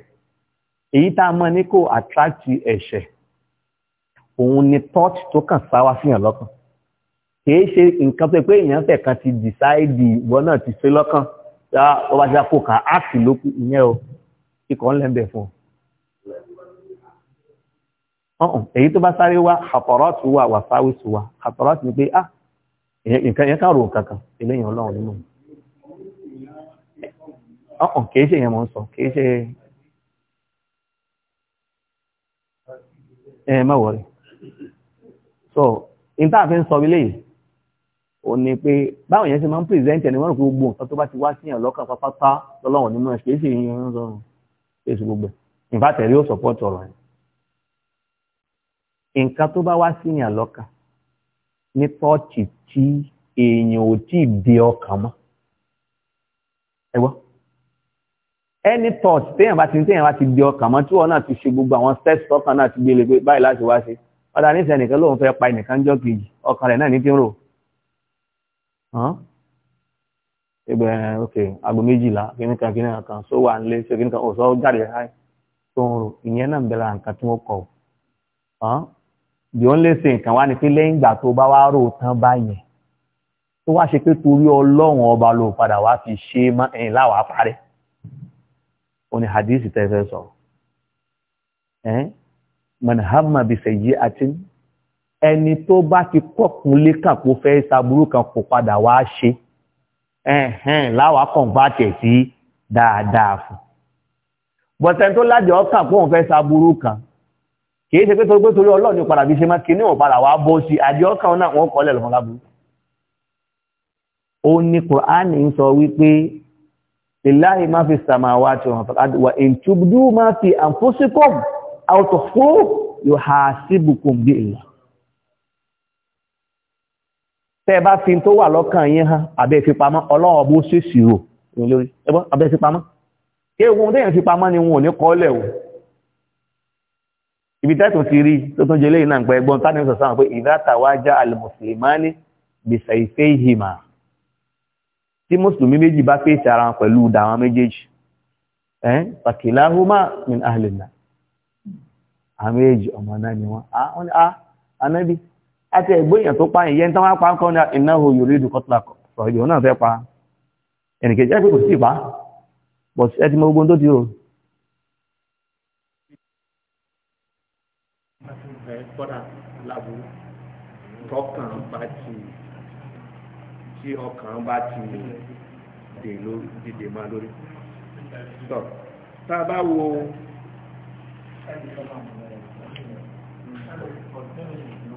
èyí tá a mọ̀ ní kò attract ẹ̀ṣẹ̀ òun ni touch tó kàn sáwá síyàn lọ́kàn kìí ṣe nǹkan tó pé èèyàn fẹ̀kan ti dìsáìdì ìwọ náà ti ṣe lọ́kàn tá wọ́n bá ti kó kà áàkì lókù ìyẹn o ikọ̀ ń lẹ́ńbẹ̀ fún ọ. èyí tó bá sáré wá àpọ̀rọ́ọ̀tù wà wà fáwísù wà àpọ̀rọ́ọ̀tù ni pé ah nǹkan yẹn kàn rò kankan eléyìí ọlọ́run nínú. ọ̀hún kìí ṣe yẹn mọ̀ ń sọ kìí ṣe ẹ má wọrí. so n tá a fi ń sọ ilé yìí ó ní pé báwọn yẹn ṣe máa ń pèsèǹtì ẹni wọ́n rò pé gbogbo nǹkan tó bá ti wá sí yàn lọ́kàn pápátá lọ́lọ́wọ́n ní mọ̀ ṣe é sì ń yan sọ̀rọ̀ èsì gbogbo ẹ̀ ìfàtẹ̀rí ó sọ̀pọ̀tì ọ̀rọ̀ yẹn nǹkan tó bá wá sí yàn lọ́kàn ní tọ́ọ̀chì tí èèyàn ò tí ì di ọkàn mọ́ ẹ gbọ́ any thought téèyàn bá ti téèyàn bá ti di ọkàn mọ́ tí wọ́n náà ti ṣe gbogbo àwọn steps tọ́kàn náà ẹgbẹ́ ok aago méjìlá kíní kan kíní kan sọ wà nílé ṣe kíní kan ọ̀sọ́ oh, jáde ẹ̀ tó ń rò ìyẹn náà ń bẹ̀rẹ̀ nǹkan tí wọ́n kọ̀ ọ́ the only thing kan wá ni pé lẹ́yìn ìgbà tó bá wá rò tán tó wá ṣe pé torí ọlọ́run ọba ló padà wá fi ṣe ẹ̀yìn láwàá parẹ́ ó ní hadith sọ ẹni tó bá ti kọ́kùn lékà kó fẹ́ ṣàbúrú kan kò padà wá ṣe ẹ̀hẹ́n láwàá kàn bá tẹ̀ sí dáadáa fún bọ̀tẹ́ tó lájọ ọkàn kó òun fẹ́ ṣàbúrú kan kìí ṣe pé torí pé torí ọlọ́ọ̀ni padà bí ṣe máa kí ní òun padà wá bọ́ sí àjọ ọkàn náà wọ́n kọ́lẹ̀ lọ́wọ́ lábúrú ó ní Kùránì ń sọ wípé lillahi ma fi samawati wa in tubdu ma fi anfusikum aw tukhfuhu yuhasibukum bihi tẹ́ bá fi tó wà lọ́kàn yín hàn àbẹ́ ìfipamọ́ ọlọ́wọ́ bó ṣe ṣìrò lórí ẹgbọ́ àbẹ́ ìfipamọ́ kí ewu tẹ́yàn fipamọ́ ni wọn ò ní kọ́lẹ̀ o ibi tẹ́tù ti rí tó tún jẹlé iná pẹ́ ẹgbọ́n tánì sọ sáwọn pé ìdátàwájá alìmùsùlùmánì bìsà ìfẹ́ ìhìmà tí mùsùlùmí méjì bá fèsì ara wọn pẹ̀lú dàwọn méjèèjì ẹ́ pàkìláhùmá min ahlìnà àwọn méjì ọmọ náà ni wọ́n á ah, anábì ah, àti ẹ̀gbóyàn tó pààyàn yẹn tán wá pa ń kọ́ ní innahu yuridu qatlaka ọ̀yọ́ náà fẹ́ pa ẹnìkejì ẹgbẹ́ kò sí pa bọ̀ ẹ ti mọ ogun tó ti o. tọkàn bá ti tí ọkàn bá ti dè lórí dìde máa lórí tọ tá a bá wo. Thank you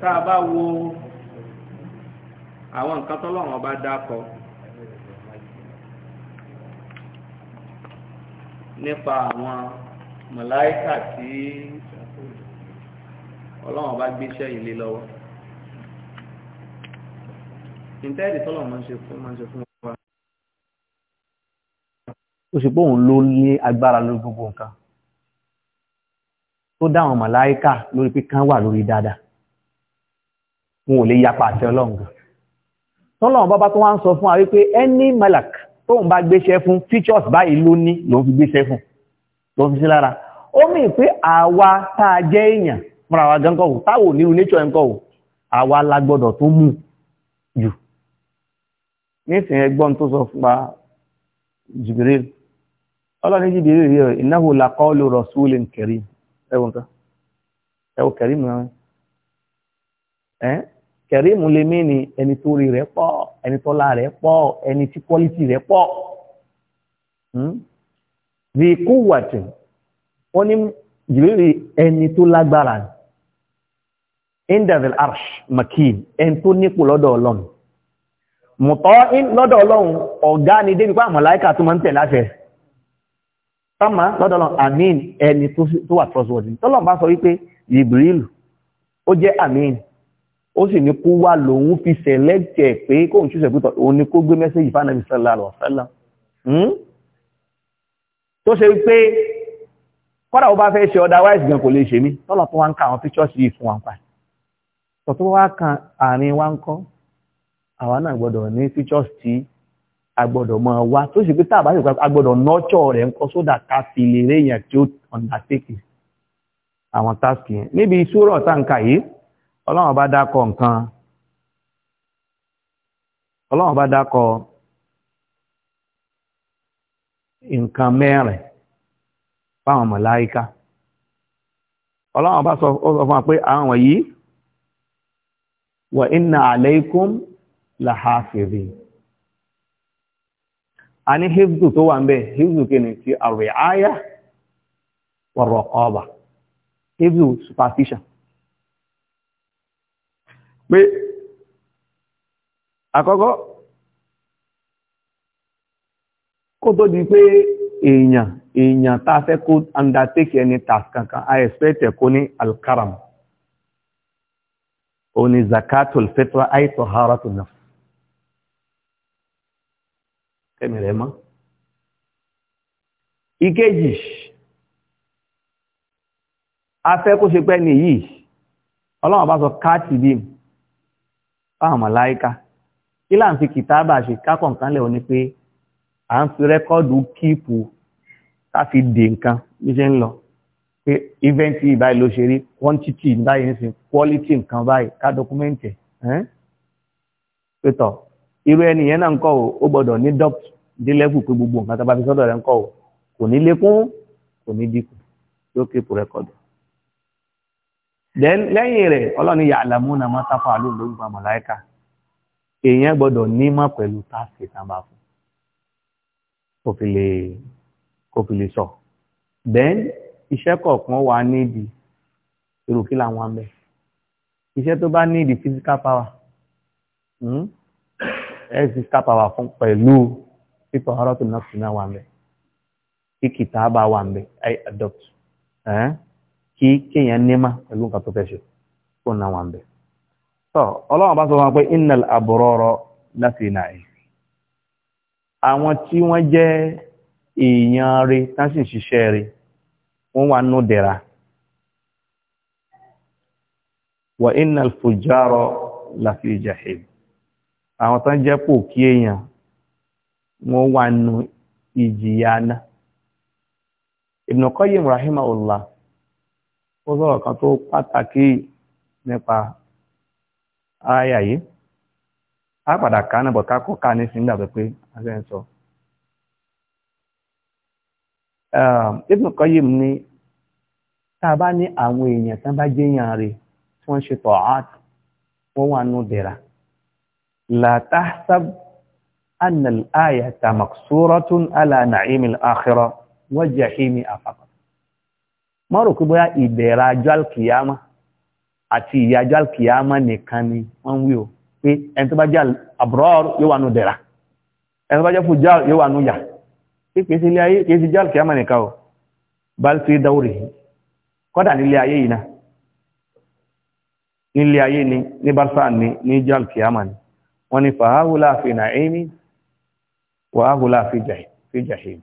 tá a bá wo àwọn nǹkan tọ́lọ́wọ́n bá dákọ nípa àwọn màláíkà tí ọlọ́wọ́n bá gbéṣẹ́ ilé lọ́wọ́ ìtẹ́ẹ̀dì tọ́lọ̀ máa ń ṣe fún máa ń ṣe fún wa. ó ṣe pé òun ló ní agbára lórí gbogbo nǹkan tó dá àwọn màláíkà lórí pé kán wà lórí dáadáa wọn ò lè yapa àti ọlọ́run gan tọ́lọ̀ bàbá tó wá ń sọ fún wa wípé ẹni malak tóun bá gbéṣẹ́ fún features báyìí ló ní ló fi gbéṣẹ́ fún ló fi sí lára ó mì pé àwa tá a jẹ́ èèyàn fúnra wa gan kọ̀wò táwọn onírú nature ń kọ̀wò àwa la gbọ́dọ̀ tó mú jù nísìnyẹ gbọ́n tó sọ fún wa Jibril ọlọ́ni Jibril rí ọ innahu laqawlu rasulin karim ẹwọ̀n kan ẹwọ̀ karim náà ẹ karim lè mí ni ẹni tó rí rẹ pọ̀ ẹni tọ́lá rẹ pọ̀ ẹni tí quality rẹ pọ̀ bí kú wàtí wọ́n ní Jibril ẹni tó lágbára ẹni tó nípò lọ́dọ̀ ọlọ́run mùtọ́ lọ́dọ̀ ọlọ́run ọ̀gá ni débi pa màláíkà tó máa ń tẹ̀ láṣẹ tọ́mà lọ́dọ̀ ọlọ́run amin ẹni tó wà trustworthy tọ́lọ̀ bá sọ wípé Jibril ó jẹ́ amin ó sì ní kó wá lòun fi sẹ̀lẹ́tẹ̀ pé kóhun ṣúṣẹ̀ pútọ̀ òun ni kó gbé mẹ́sẹ̀jì fánàbí sallallahu alaihi wasallam hmm? tó ṣe pé kọ́dà ó bá fẹ́ ṣe otherwise gan kò lè ṣe mí tọ́lọ̀ tó wá ń ka àwọn pictures yìí fún wa àwa náà gbọ́dọ̀ ní features agbọdọ a wá tó sì pé tá a bá sì pa a sódà ká fi lè réyàn tí ó undertake àwọn task yẹn níbi ìṣúrọ̀ táǹkà yìí ọlọ́run bá dákọ̀ nǹkan ọlọ́run sọ fún wa pé àwọn yìí láhàfèrè a ní hifzu tó wà ń bẹ hifzu kí ni ti àríáyá wa raqaba hifzu superstition pé àkọ́kọ́ kó tó di pé èèyàn èèyàn tá fẹ́ kó undertake ẹni task kankan i expect ẹ̀ ní alkaram ó zakatul fitra ay nafs kẹ́mi rẹ̀ mọ́. ìkejì afẹ́ kó ṣe pẹ́ ní yìí ọlọ́run bá sọ káàtì bí fáwọn màláíkà kí là ń fi kìtàbà ṣe kákọ̀ǹkan lẹ́wọ̀n ni pé à ń fi rẹ́kọ́ọ̀dù kíìpù ká dè nǹkan bí ṣe ń lọ pé ìvẹ́ǹtì ìbáyìí ló ṣe rí quantity báyìí ń sin quality nǹkan báyìí ká dọ́kúmẹ́ǹtì ẹ̀ irú ẹni yẹn náà ń kọ́ ó gbọ́dọ̀ ní dọ́pt dé lẹ́kùn pé gbogbo nǹkan tó bá fi sọ́dọ̀ rẹ̀ ń kọ́ kò ní lékún kò ní dínkù yóò kéèpù rẹ́kọ̀dù. then lẹ́yìn rẹ̀ ọlọ́ni ya'lamuna ma taf'alun lórí pa màláíkà èèyàn gbọ́dọ̀ nímọ̀ pẹ̀lú táàsì tàbá fún kò fi lè sọ then iṣẹ́ kọ̀ọ̀kan wà nídìí irú kí làwọn abẹ iṣẹ́ tó bá nídìí physical power. Hmm? ẹ̀sì skápàwà fún pẹ̀lú pípọ̀ ọ̀rọ̀ tó náà fún náà wà ń bẹ̀ kí kìtà bá wà ń bẹ̀ i adopt kí kéèyàn níma pẹ̀lú nǹkan tó fẹ́ ṣe fún náà wà ń bẹ̀. tọ́ ọlọ́run bá sọ wọn pé innal abrara láti nàì àwọn tí wọ́n jẹ́ èèyàn rẹ̀ tán ṣiṣẹ́ rẹ̀ wọ́n wà nù dẹ̀ra wa innal fujjara láti jahim àwọn tán jẹ́ pò kí èèyàn wọ́n wà nù ìjìyà náà Ibn Qayyim rahimahullah ó sọ̀rọ̀ kan tó pàtàkì nípa aráyà yìí a padà ká náà bọ̀ ká kọ́ ká ní sí nígbà pé a fẹ́ sọ Ibn Qayyim ní tá a bá ní àwọn èèyàn tán la tahsab anna al-ayata maqsuratun ala na'imil akhirah wa jahimi afaqa mo rò pé bóyá ìdẹ̀ra àjọ alkiyama àti ìyà àjọ alkiyama nìkan ni wọ́n wí o pé ẹni tó bá jẹ́ abrar yóò wà nù dẹ̀ra ẹni tó bá jẹ́ fujjar yóò wà nù yà pé kìí sí ilé ayé kìí sí jẹ́ alkiyama nìkan o bá fi dáwòrè kọ́dà nílé ayé yìí náà nílé ayé ni ní barsa ni ní jẹ́ alkiyama ni wọ́n ní fàáhùlà fi nàími wàáhùlà fi jahim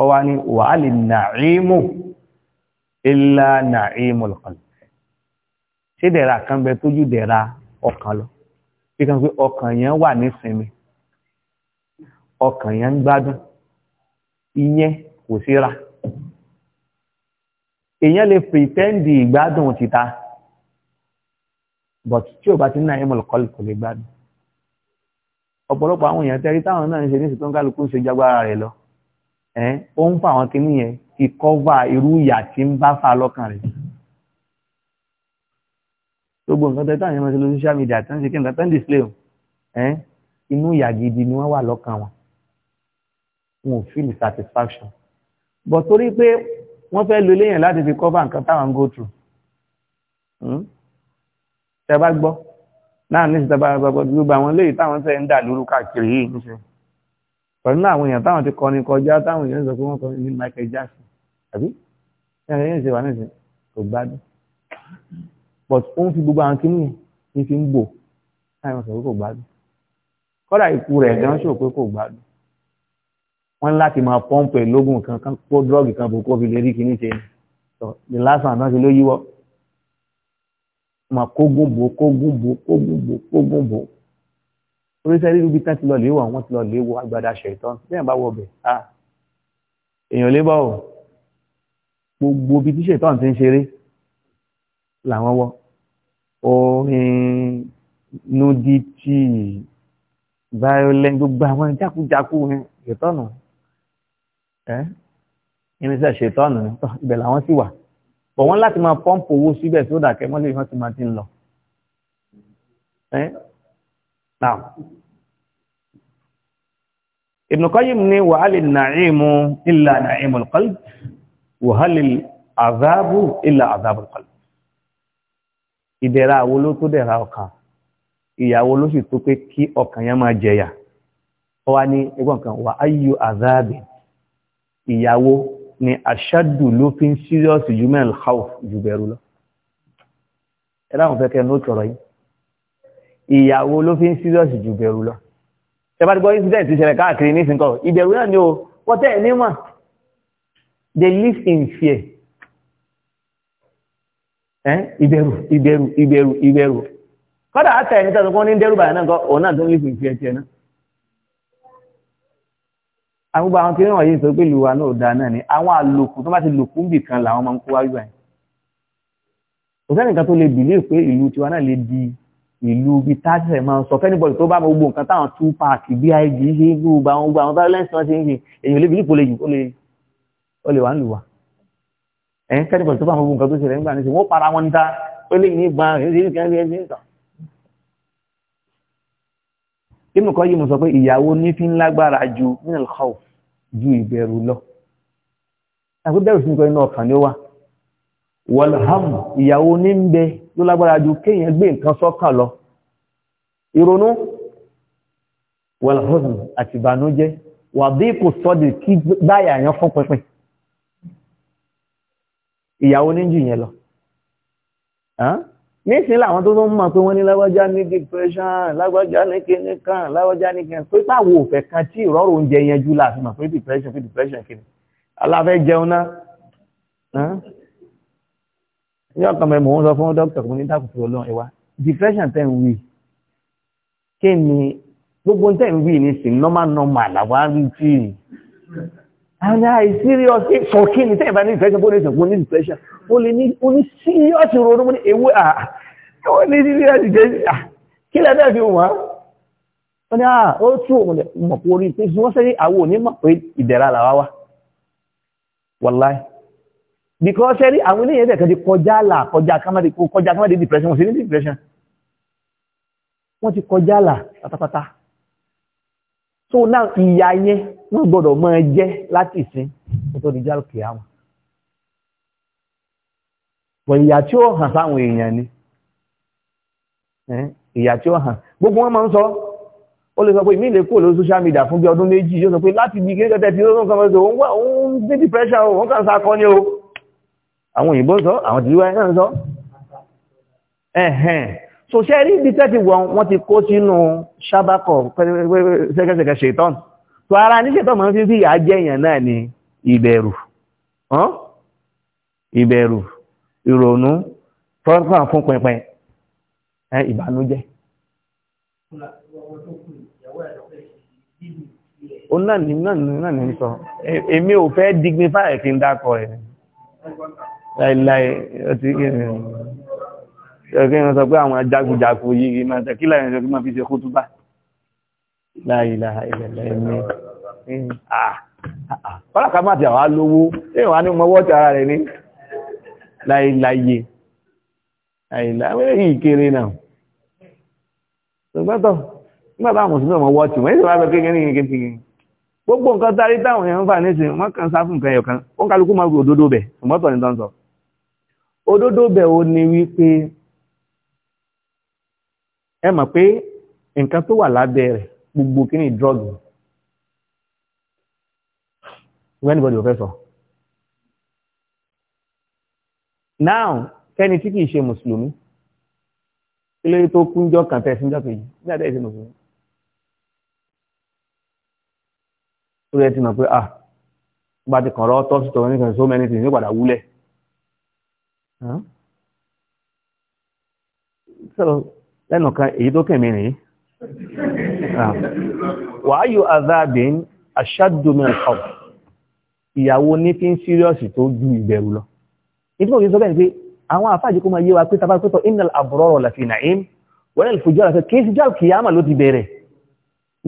ọ wá ní wàálì nàímù ilá nàímù lọ́kànlọ́ ṣé dẹ̀ra kan bẹ tójú dẹ̀ra ọkàn lọ bí kan pé ọkàn yẹn wà nísinmi ọkàn yẹn ń gbádùn ìyẹn kò síra èèyàn lè pìtẹ́ǹdì ìgbádùn títa but tí ò bá ti ní àyẹ̀mọ̀ kò lè gbádùn ọ̀pọ̀lọpọ̀ àwọn èèyàn tẹ́rí táwọn náà ń ṣe níṣẹ́ tó ń kálukú ń ṣe jágbára rẹ̀ lọ ẹ̀ ó ń fa àwọn kinní yẹn fi kọ́va irú ìyà tí ń bá fa lọ́kàn rẹ̀ gbogbo nǹkan tẹ́ táwọn èèyàn máa ṣe lórí social media ṣe kí nǹkan tó ń display o ẹ̀ inú ìyà gidi ni wọ́n wà lọ́kàn wọn wọn ò feel satisfaction but torí pé wọ́n fẹ́ lo eléyàn láti fi kọ́va nǹkan táwọn ń go through tẹ́ hmm? bá gbọ́ náà ní ìsìtàbà àgbàgbọ́ gbogbo àwọn ilé ìtàwọn tẹ́ ń dà lóru káàkiri yìí ń ṣe pẹ̀lú àwọn èèyàn táwọn ti kọrin kọjá táwọn èèyàn sọ pé wọ́n kọrin ní Michael Jackson àbí ẹ̀rọ yẹn ṣe wà nísìn kò gbádùn but ó ń fi gbogbo àwọn kìíní ní fi ń bò táwọn sọ pé kò gbádùn kọ́dà ikú rẹ̀ gan ṣò pé kò gbádùn wọ́n ní láti máa pọ́ǹpù ẹ̀ lógún kan kó drọ́ọ̀gì kan bò kó fi lè rí kìíní ṣe the last one náà ṣe ló yíwọ́ ma kógún bò kógún bò kógún bò kógún bò oríṣiríṣi rúbí tán ti lọ léwọ àwọn ti lọ léwọ agbada ṣẹtàn bẹ́ẹ̀ bá wọ bẹ a èèyàn lé bá o gbogbo ibi tí ṣẹtàn ti ń ṣeré làwọn wọ orin nudity violent gbogbo àwọn jákujáku ṣẹtàn ẹ irinṣẹ́ ṣẹtàn ibẹ̀ làwọn sì wà bọ̀ wọ́n láti máa pọ́ǹpù owó síbẹ̀ tó dàkẹ́ mọ́lẹ̀ wọ́n ti máa ti ń lọ. Ibn Qayyim ni wa halil na'imu illa na'imul qalb wa halil azabu illa azabul qalb. Ìdẹ̀ra wo ló tó dẹ̀ra ọkàn? Ìyàwó ló sì tó pé kí ọkàn yẹn máa jẹyà. Ó wá ẹgbọ́n kan, wa ayyu azabi ìyàwó ni aṣáàdù ló fi ń sírìọ́sì human health ju bẹ̀rù lọ ẹ láwọn fẹ́ kẹ́ ní ó tọrọ yìí ìyàwó ló fi ń sírìọ́sì ju bẹ̀rù lọ ṣe bá ti gbọ́ incident ti ṣẹlẹ̀ káàkiri nísìnkọ́ ìbẹ̀rù náà ni o wọ́n tẹ̀ ní they live in fear ìbẹ̀rù ìbẹ̀rù ìbẹ̀rù ìbẹ̀rù kọ́dà àtẹ̀ ẹni tẹ́sán kọ́ ní dẹ́rù bàyà náà kọ́ òun náà tó ń live in fear tiẹ̀ náà àwọn gbogbo àwọn tí wọ́n yìí sọ pé ìlú wa náà da náà ni àwọn àlòkù tó bá ti lòkù ń bì kan làwọn máa ń kó wá wíwá yẹn kò sẹ́nìkan tó lè bìlíì pé ìlú tiwa náà lè di ìlú bíi táṣẹ̀ máa ń sọ kẹ́nìbọ̀dì tó bá mọ gbogbo nǹkan táwọn tú páàkì bí ig ṣe ń gbogbo àwọn gbogbo àwọn violence wọn ṣe ń ṣe èyàn lè bìlíì pò lè jù ó lè wà ń lù wá Ibn Qayyim sọ pé ìyàwó ní fi ń lágbára ju min al-khawf ju ìbẹ̀rù lọ àpò bẹ̀rù sí nǹkan inú ọkàn ni ó wà wọlham ìyàwó ní ń bẹ ló lágbára ju kéèyàn gbé nǹkan sọ́kàn lọ ìrònú wọlham àti ìbànújẹ́ wà bí kò sọ́dì kí báyà yẹn fún pínpín ìyàwó ní jù yẹn lọ nísìn làwọn tó tó ń mọ̀ pé wọ́n ní lágbájá ní depression lágbájá ní kíní kan lágbájá ní kíní pé táwo òfẹ́ kan tí ìrọ́rùn oúnjẹ yẹn jù láti mọ̀ pé depression pé depression kíní aláfẹ́ jẹun náà ní ọkàn mẹ́mọ̀ wọ́n sọ fún dókítà kò ní dákùtù ọlọ́run ẹ̀wá depression tẹ̀ ń wí kí ni gbogbo tẹ̀ ń wí ní sí normal normal làwọn á rí tí and I serious for kí ni tẹ́yìnbá ní depression bó ní ìsìnkú ní depression ó lè ní ah, ah. ó ní serious ronú ní ewé à serious ìjẹ́sí à ah, kí lẹ́ bẹ́ẹ̀ fi wọ́n ó ní à ó tún òun lẹ̀ mọ̀ pé orí pé wọ́n sẹ́yìn àwọn òní mọ̀ pé ìdẹ̀ra làwa because sẹ́rí àwọn eléyìí ẹ̀dẹ̀ kan ti kọjá là kọjá kámádé depression wọ́n sì depression wọ́n ti kọjá là pátápátá so now ìyá wọ́n gbọ́dọ̀ máa jẹ́ láti ìsìn kó tó di jálùkì àmọ́ wọ̀ ìyà tí ó hàn sáwọn èèyàn ni ìyà tí ó hàn gbogbo wọn máa ń sọ ó lè sọ pé ìmí lè kúrò lórí social media fún bí ọdún méjì yóò sọ pé láti bí gẹ́gẹ́ tí ó ń kọ́ mẹ́sàn òun wà òun ní depression òun kàn sá kọ́ ní o àwọn òyìnbó sọ àwọn tìlú wa náà sọ ẹ̀hẹ̀n so ṣe wọn wọ́n ti kó sínú ṣábàkọ̀ sẹ́gẹ́sẹ̀gẹ́ ṣètọ́nù tó ara níṣẹ́ tó mọ́ sí sí àjẹyàn náà ni ìbẹ̀rù ìbẹ̀rù ìrònú fọ́nfọ́n fún pẹpẹ ìbànújẹ́ ó náà ní náà ní sọ e, èmi ò fẹ́ dignify kí n dákọ̀ ẹ̀ láìláì ọtí kí n sọ pé àwọn jagunjagun yìí máa tẹ̀kílà ìrìnṣẹ́ kí máa fi ṣe kútúbà láìláha ilẹ̀lẹ̀ ẹni ọlọ́ka máa ti àwọn alówó èèyàn wá ní mọ́wọ́ ti ara rẹ̀ ní láìláyé láìláyé yìí kéré náà ṣùgbọ́tọ̀ nígbà bá àwọn òṣìṣẹ́ mọ́wọ́ ti wọ́n èyí wá bẹ kékeré ní kékeré gbogbo nǹkan tarí táwọn èèyàn ń fà nísìn wọ́n kàn sá fún nǹkan ẹ̀yọ̀ kan ó ń kálukú máa gbé òdodo bẹ̀ ṣùgbọ́tọ̀ ní wípé ẹ mọ̀ pé nǹkan tó wà lábẹ́ rẹ̀ gbogbo kíní drug anybody ò fẹ́ now kẹ́ni tí kìí ṣe mùsùlùmí kí lóye tó kúnjọ́ kan tẹ̀ síjọ́ kejì ní àdé ìṣe mùsùlùmí. ó yẹ ti mọ̀ pé ah bá ti kàn rọ́ tọ́sí tọ́wọ́ nìkan so many things ní padà wúlẹ̀. sọ̀rọ̀ lẹ́nu kan èyí tó kẹ̀mí nìyí. Ah. wàáyù azabin aṣáàdùmí ọ̀f ìyàwó ní fi ń sírìọ́sì tó ju ìbẹ̀rù lọ ìdí mọ̀ sọ bẹ́ẹ̀ pé àwọn àfáàjì kó máa yé wa pé tàbá pẹ́tọ̀ innal abrara lafi na'im wal fujara àti kí síjá kìyàmà ló ti bẹ̀rẹ̀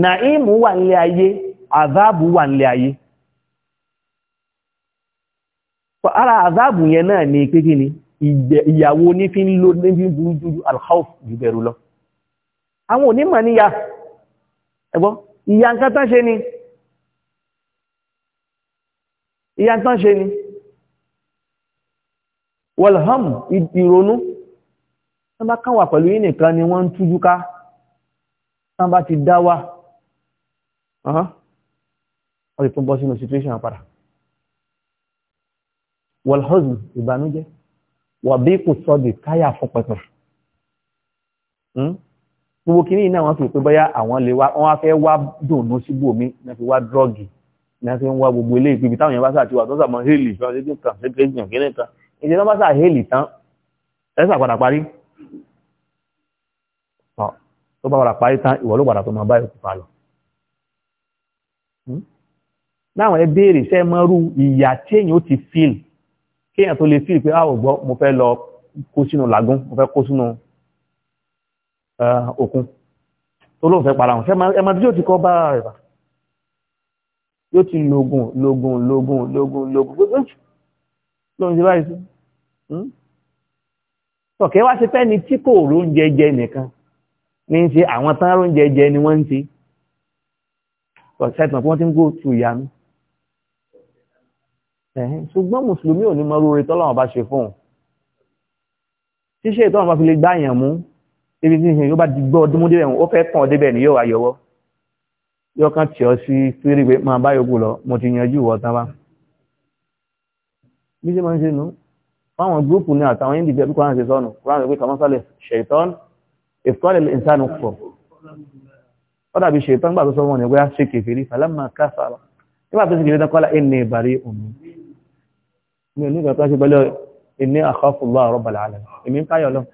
na'im wà nílé ayé azabu wà nílé ayé ara azabu yẹn náà ni pé kí ni ìyàwó ní fi ń lo ní fi ń burú ju alkhawf ju bẹ̀rù lọ àwọn onímọ̀ níyà ẹ̀gbọ́n ìyà ṣe ni ìyà tán ṣe ni wọ̀lham ìrònú tán bá kàn wà pẹ̀lú yìí nìkan ni wọ́n ń tújú ká tán bá ti dá wà ọ̀rẹ́ tó bọ́ sínú situation àpàdà wọ̀lhọ́zù ìbànújẹ́ wọ̀bí kò sọ́dì káyà fún pẹ̀tọ̀ gbogbo kìíní náà wọ́n fi pé bóyá àwọn lè wá wọ́n fẹ́ wá dùnú síbò mi náà fi wá drọ́ọ̀gì náà fi ń wá gbogbo ilé ìpébi táwọn èèyàn bá sàtìwà tó sàmọ́ hélì fún ọdún kan ṣẹ́kẹ́jì kìíní kan ìṣẹ́ náà bá sà hélì tán ẹ̀sà padà parí tó bá padà parí tán ìwọ ló padà tó máa bá ìkú pa lọ. Hmm? láwọn ẹ èèyàn tó lè fíìl pé a ah, mo fẹ́ lọ kó sínú làgún mo fẹ́ kó sínú Eh, òkun tó lóun fẹ́ para wọn ẹmọ bí yóò ti kọ́ bá rẹ̀ bá yóò ti lògùn lògùn lògùn lògùn lògùn gbogbo lóun ti báyìí sí tọ̀kẹ́ hmm? wá ṣe fẹ́ni tí kò róúnjẹ jẹ nìkan ní ṣe àwọn tán róúnjẹ jẹ ni wọ́n ń ṣe ṣẹ́tàn fún wọ́n ti ń gbó tu ìyanu ṣùgbọ́n mùsùlùmí ò ní mọ orí tọ́lọ́wọ́n bá ṣe fún un ṣíṣe ìtọ́wọ́n bá fi lè gbáyàn mú ibi tí yóò bá gbọ́ ọdún mú débẹ̀ ó fẹ́ kàn ọ́ débẹ̀ ni yóò wá yọwọ́ yóò kàn tì ọ́ sí sírí pé máa bá yòókù lọ mo ti yanjú ìwọ tán bá bí ṣe máa ń ṣe nù fáwọn gúrúùpù ní àtàwọn indi jẹ́bí kọ́nà ṣe sọ́nù kọ́nà ṣe pé kàmọ́sálẹ̀ ṣètọ́n ìfọ́lẹ̀ ìsánù pọ̀ ó dàbí ṣètọ́n gbà tó sọ wọn ni wẹ́ ṣe kèfèrí fàlámà káfàrà nígbà tó ṣe kèfèrí tán kọ́lá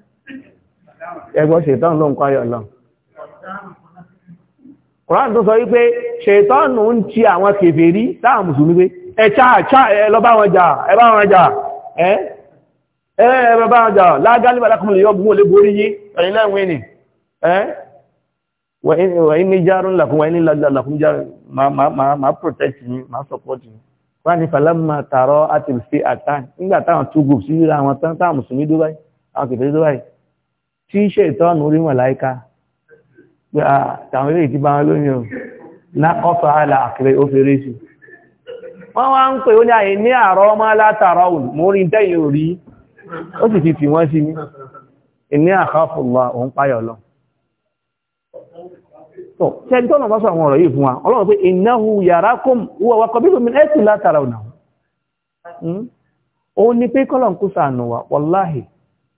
ẹgbọ́n ṣètọ́n ló ń kọ́ ayọ̀ lọ Kùránì tó sọ wípé ṣètọ́n ń ti àwọn kèfèrí táwọn mùsùlùmí pé ẹ̀chá àchá ẹlọ́bá wọn jà ẹbá wọn jà ẹ́ ẹbá wọn jà lágálíbà lákùnrin yọ gún olè borí yí ẹ̀yìn lẹ́wìn ni ẹ́ wẹ̀yìn ní járún làkún wẹ̀yìn làkún ma protect ni ma support ni wọ́n ni fàlámà tààrọ àti ìfẹ́ àtàn nígbà táwọn two groups yíra àwọn táwọn mùsùlùmí dúbáyì àwọn kèfèrí dúbáyì tí ṣètọ́nù orí màláíkà pé àtàwọn ilé ìtìbá wọn lákọ́fà àlà ó fèrè sí wọ́n wá ń pè ó ní àyè ní àárọ̀ ọmọ látàrọ̀ mórí tẹ́yìn orí ó sì ti fi wọ́n sí ní òun páyọ̀ lọ wa pé hmm? kọ́lọ̀ ń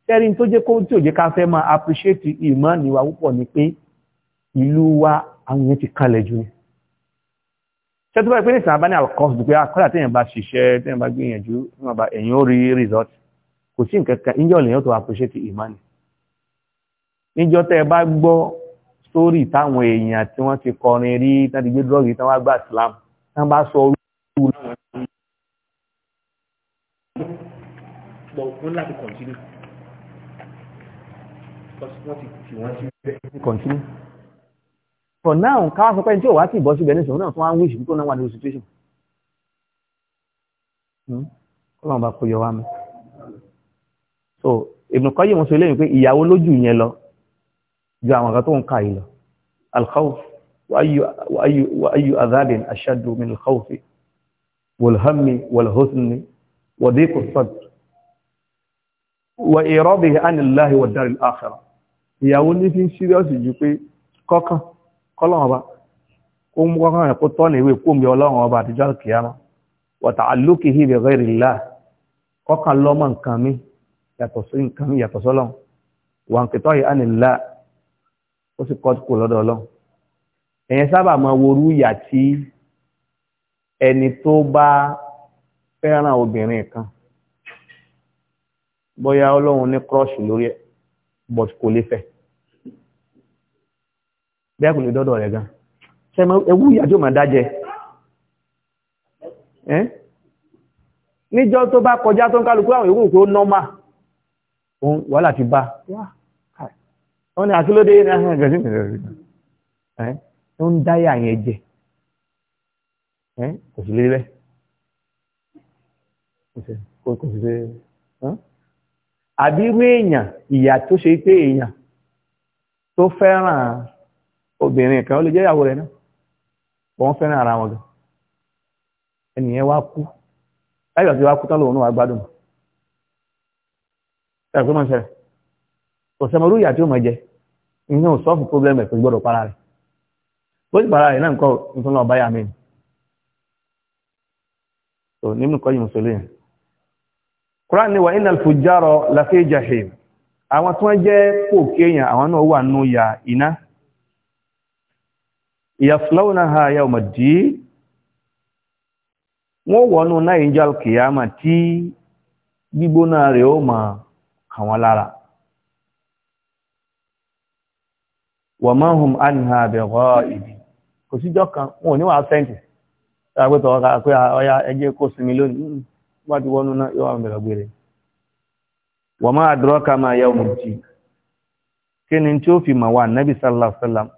tẹ́rin tó jẹ́ kó tí ò jẹ́ ká fẹ́ máa appreciate ìmánì wa ni pé ìlú wa àwọn èèyàn ti kalẹ̀ jù ní ṣẹ́tú bá ìpínlẹ̀ ìsìnàbá ní àkọsù pé akọ́lá ah, tẹ́yìn bá ṣiṣẹ́ tẹ́yìn bá gbìyànjú ẹ̀yìn ó rí result kò sí nǹkan lèyàn tó appreciate tẹ́ ẹ bá gbọ́ táwọn èèyàn tí wọ́n ti kọrin rí tán gbé drug gbà bá sọ wọ́n ti tì wọ́n sí bẹ́ẹ̀ continue for now káwá sọ pé tí ò wá sí ìbọ́sí bẹ́ẹ̀ nísìnyí náà tó wá ń wíṣì tó náà wà ní situation hmm? ọlọ́run bá kó yọ wá mọ́ so Ibn Qayyim wọn sọ eléyìí pé ìyàwó lójú yẹn lọ ju àwọn kan tó ń ka yìí lọ al-khawf wa ayyu wa ayyu wa ayyu adhabin ashaddu min al-khawf wal-hammi wal-huzni wa dhiqu as-sadr wa i'rabihi an Allah wa ad-dar al-akhirah ìyàwó ní fi ń síríọ́sì ju pé kọ́kàn kọ́lọ́wọ́n ọba kó mú kọ́kàn rẹ̀ kó tọ́nà ìwé kóńbi ọlọ́run ọba àtijọ́ kìíyàmá wọ̀tà àlókè hìbẹ̀ rẹ̀rì là kọ́kàn lọ́mọ nǹkan mi yàtọ̀ sí nǹkan mi yàtọ̀ sọ́lọ́run wà ń kẹtọ́ yìí ánì là ó sì kọ́ kó lọ́dọ̀ ọlọ́run ẹ̀yẹn sábà máa worú ìyà tí ẹni tó bá fẹ́ràn obìnrin kan bóyá ọlọ́run ní crush lórí ẹ̀ but kò lè fẹ́ bí lè dọ́dọ̀ rẹ̀ gan ṣẹ́mọ́ ewu ìyàjò dájẹ níjọ́ tó bá kọjá tó ń àwọn ewu tó nọ́mà òun wà láti bá wọ́n ni àkílódé àbí èèyàn ìyà tó ṣe pé èèyàn tó obìnrin kan ó lè jẹ́ ìyàwó rẹ̀ náà wọ́n fẹ́ràn ara wọn gan ẹnìyẹn wá kú láyé ọ̀sẹ̀ wá kú tán lòun náà wá gbádùn ẹ̀rọ pé máa ń ṣẹlẹ̀ kò sẹ́mọ orú ìyà tí ó máa jẹ ìyẹn ò sọ́ọ̀fù pọ́blẹ́mù ẹ̀ kò gbọ́dọ̀ para rẹ̀ bó sì para rẹ̀ náà nǹkan nǹkan náà báyà mí tò nínú kọ́ yìí mùsùlùmí yẹn Quran ni wà ní al-fujjara lafi jahim àwọn tí wọ́n jẹ́ kò kéèyàn àwọn náà wà nù ya iná yaslaunaha yawmaddin wọ́n wọnú náìjọ́ kìyàmà tí gbígbóná rẹ̀ ó ma kàwọn wa ma hum anha bighaibi kò síjọ́ kan wọn ò níwà sẹ́ǹtì tàbítọ̀ ọ̀gá pé ah, ọya ẹjẹ́ kó sinmi lónìí hmm, wọ́n ti wọnú náà wa ma adraka ma sallallahu alaihi wasallam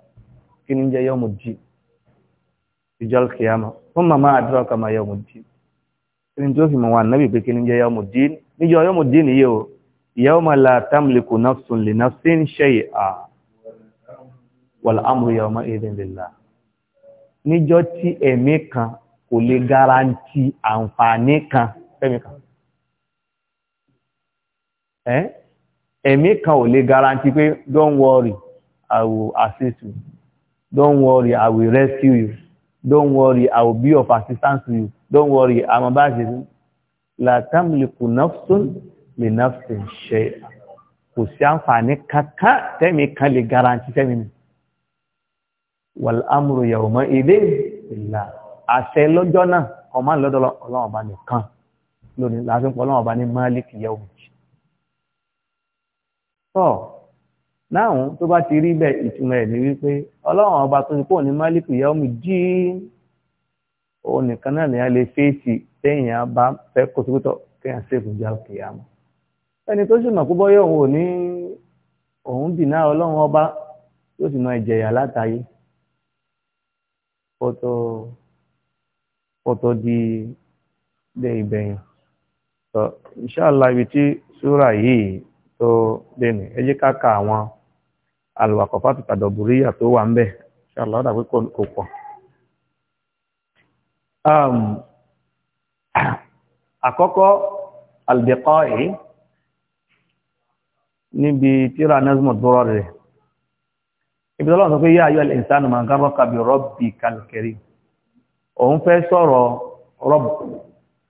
kí ni jẹ́ yawmuddin ìjọ kìyàmà fún màmá àdúrà kama yawmuddin kí ni tí ó fi mọ̀ wà nábì pé kí ni jẹ́ yawmuddin níjọ yawmuddin yìí o yawma la tamliku nafsun li nafsin shay'a wal amru yawma idhin lillah níjọ tí ẹ̀mí kan kò lè garanti àǹfààní kan fẹ́mi kan ẹ̀mí kan ò lè garanti pé don't worry i will assist you Don't worry, I will rescue you. Don't worry, I will be of assistance to you. Don't worry, I'm about you. La tamliku nafsun li nafsin shay'a. Kò sí àǹfààní kankan tẹ́mi kan lè garanti tẹ́mi ni. Wal amru yawma idin billah. Àṣẹ lọ́jọ́ náà, ọmọ lọ́dọ̀ ọlọ́run ọba nìkan. Lónìí, láti ń ní Malik Yawmi. náà tó bá ti rí bẹ́ẹ̀ ìtumọ̀ ẹ̀ ní wípé ọba tó ní kó ní málìkù yá omi jí òun nìkan náà lè fèsì téèyàn bá fẹ́ kó tó kéèyàn sèkù já òkè yá mọ́ ẹni tó sì ní òun ọba yóò sì mọ ìjẹ̀yà látàyè kótó di dé tí súrà yìí tó dé ní ká ka àlùwàkọ̀fà ti tàdọ̀ bùríyà tó wà ń bẹ̀ ṣe àlọ́dà pé kò pọ̀. Um, àkọ́kọ́ àlùbẹ̀kọ́ yìí níbi tíra nesmond bọ́rọ̀ rẹ̀ ibi tọ́lọ́ sọ pé yá ayọ́ ìsánù máa gábọ́ kàbí rọ́bì kàlùkẹ́rì òun fẹ́ sọ̀rọ̀ rọ́bù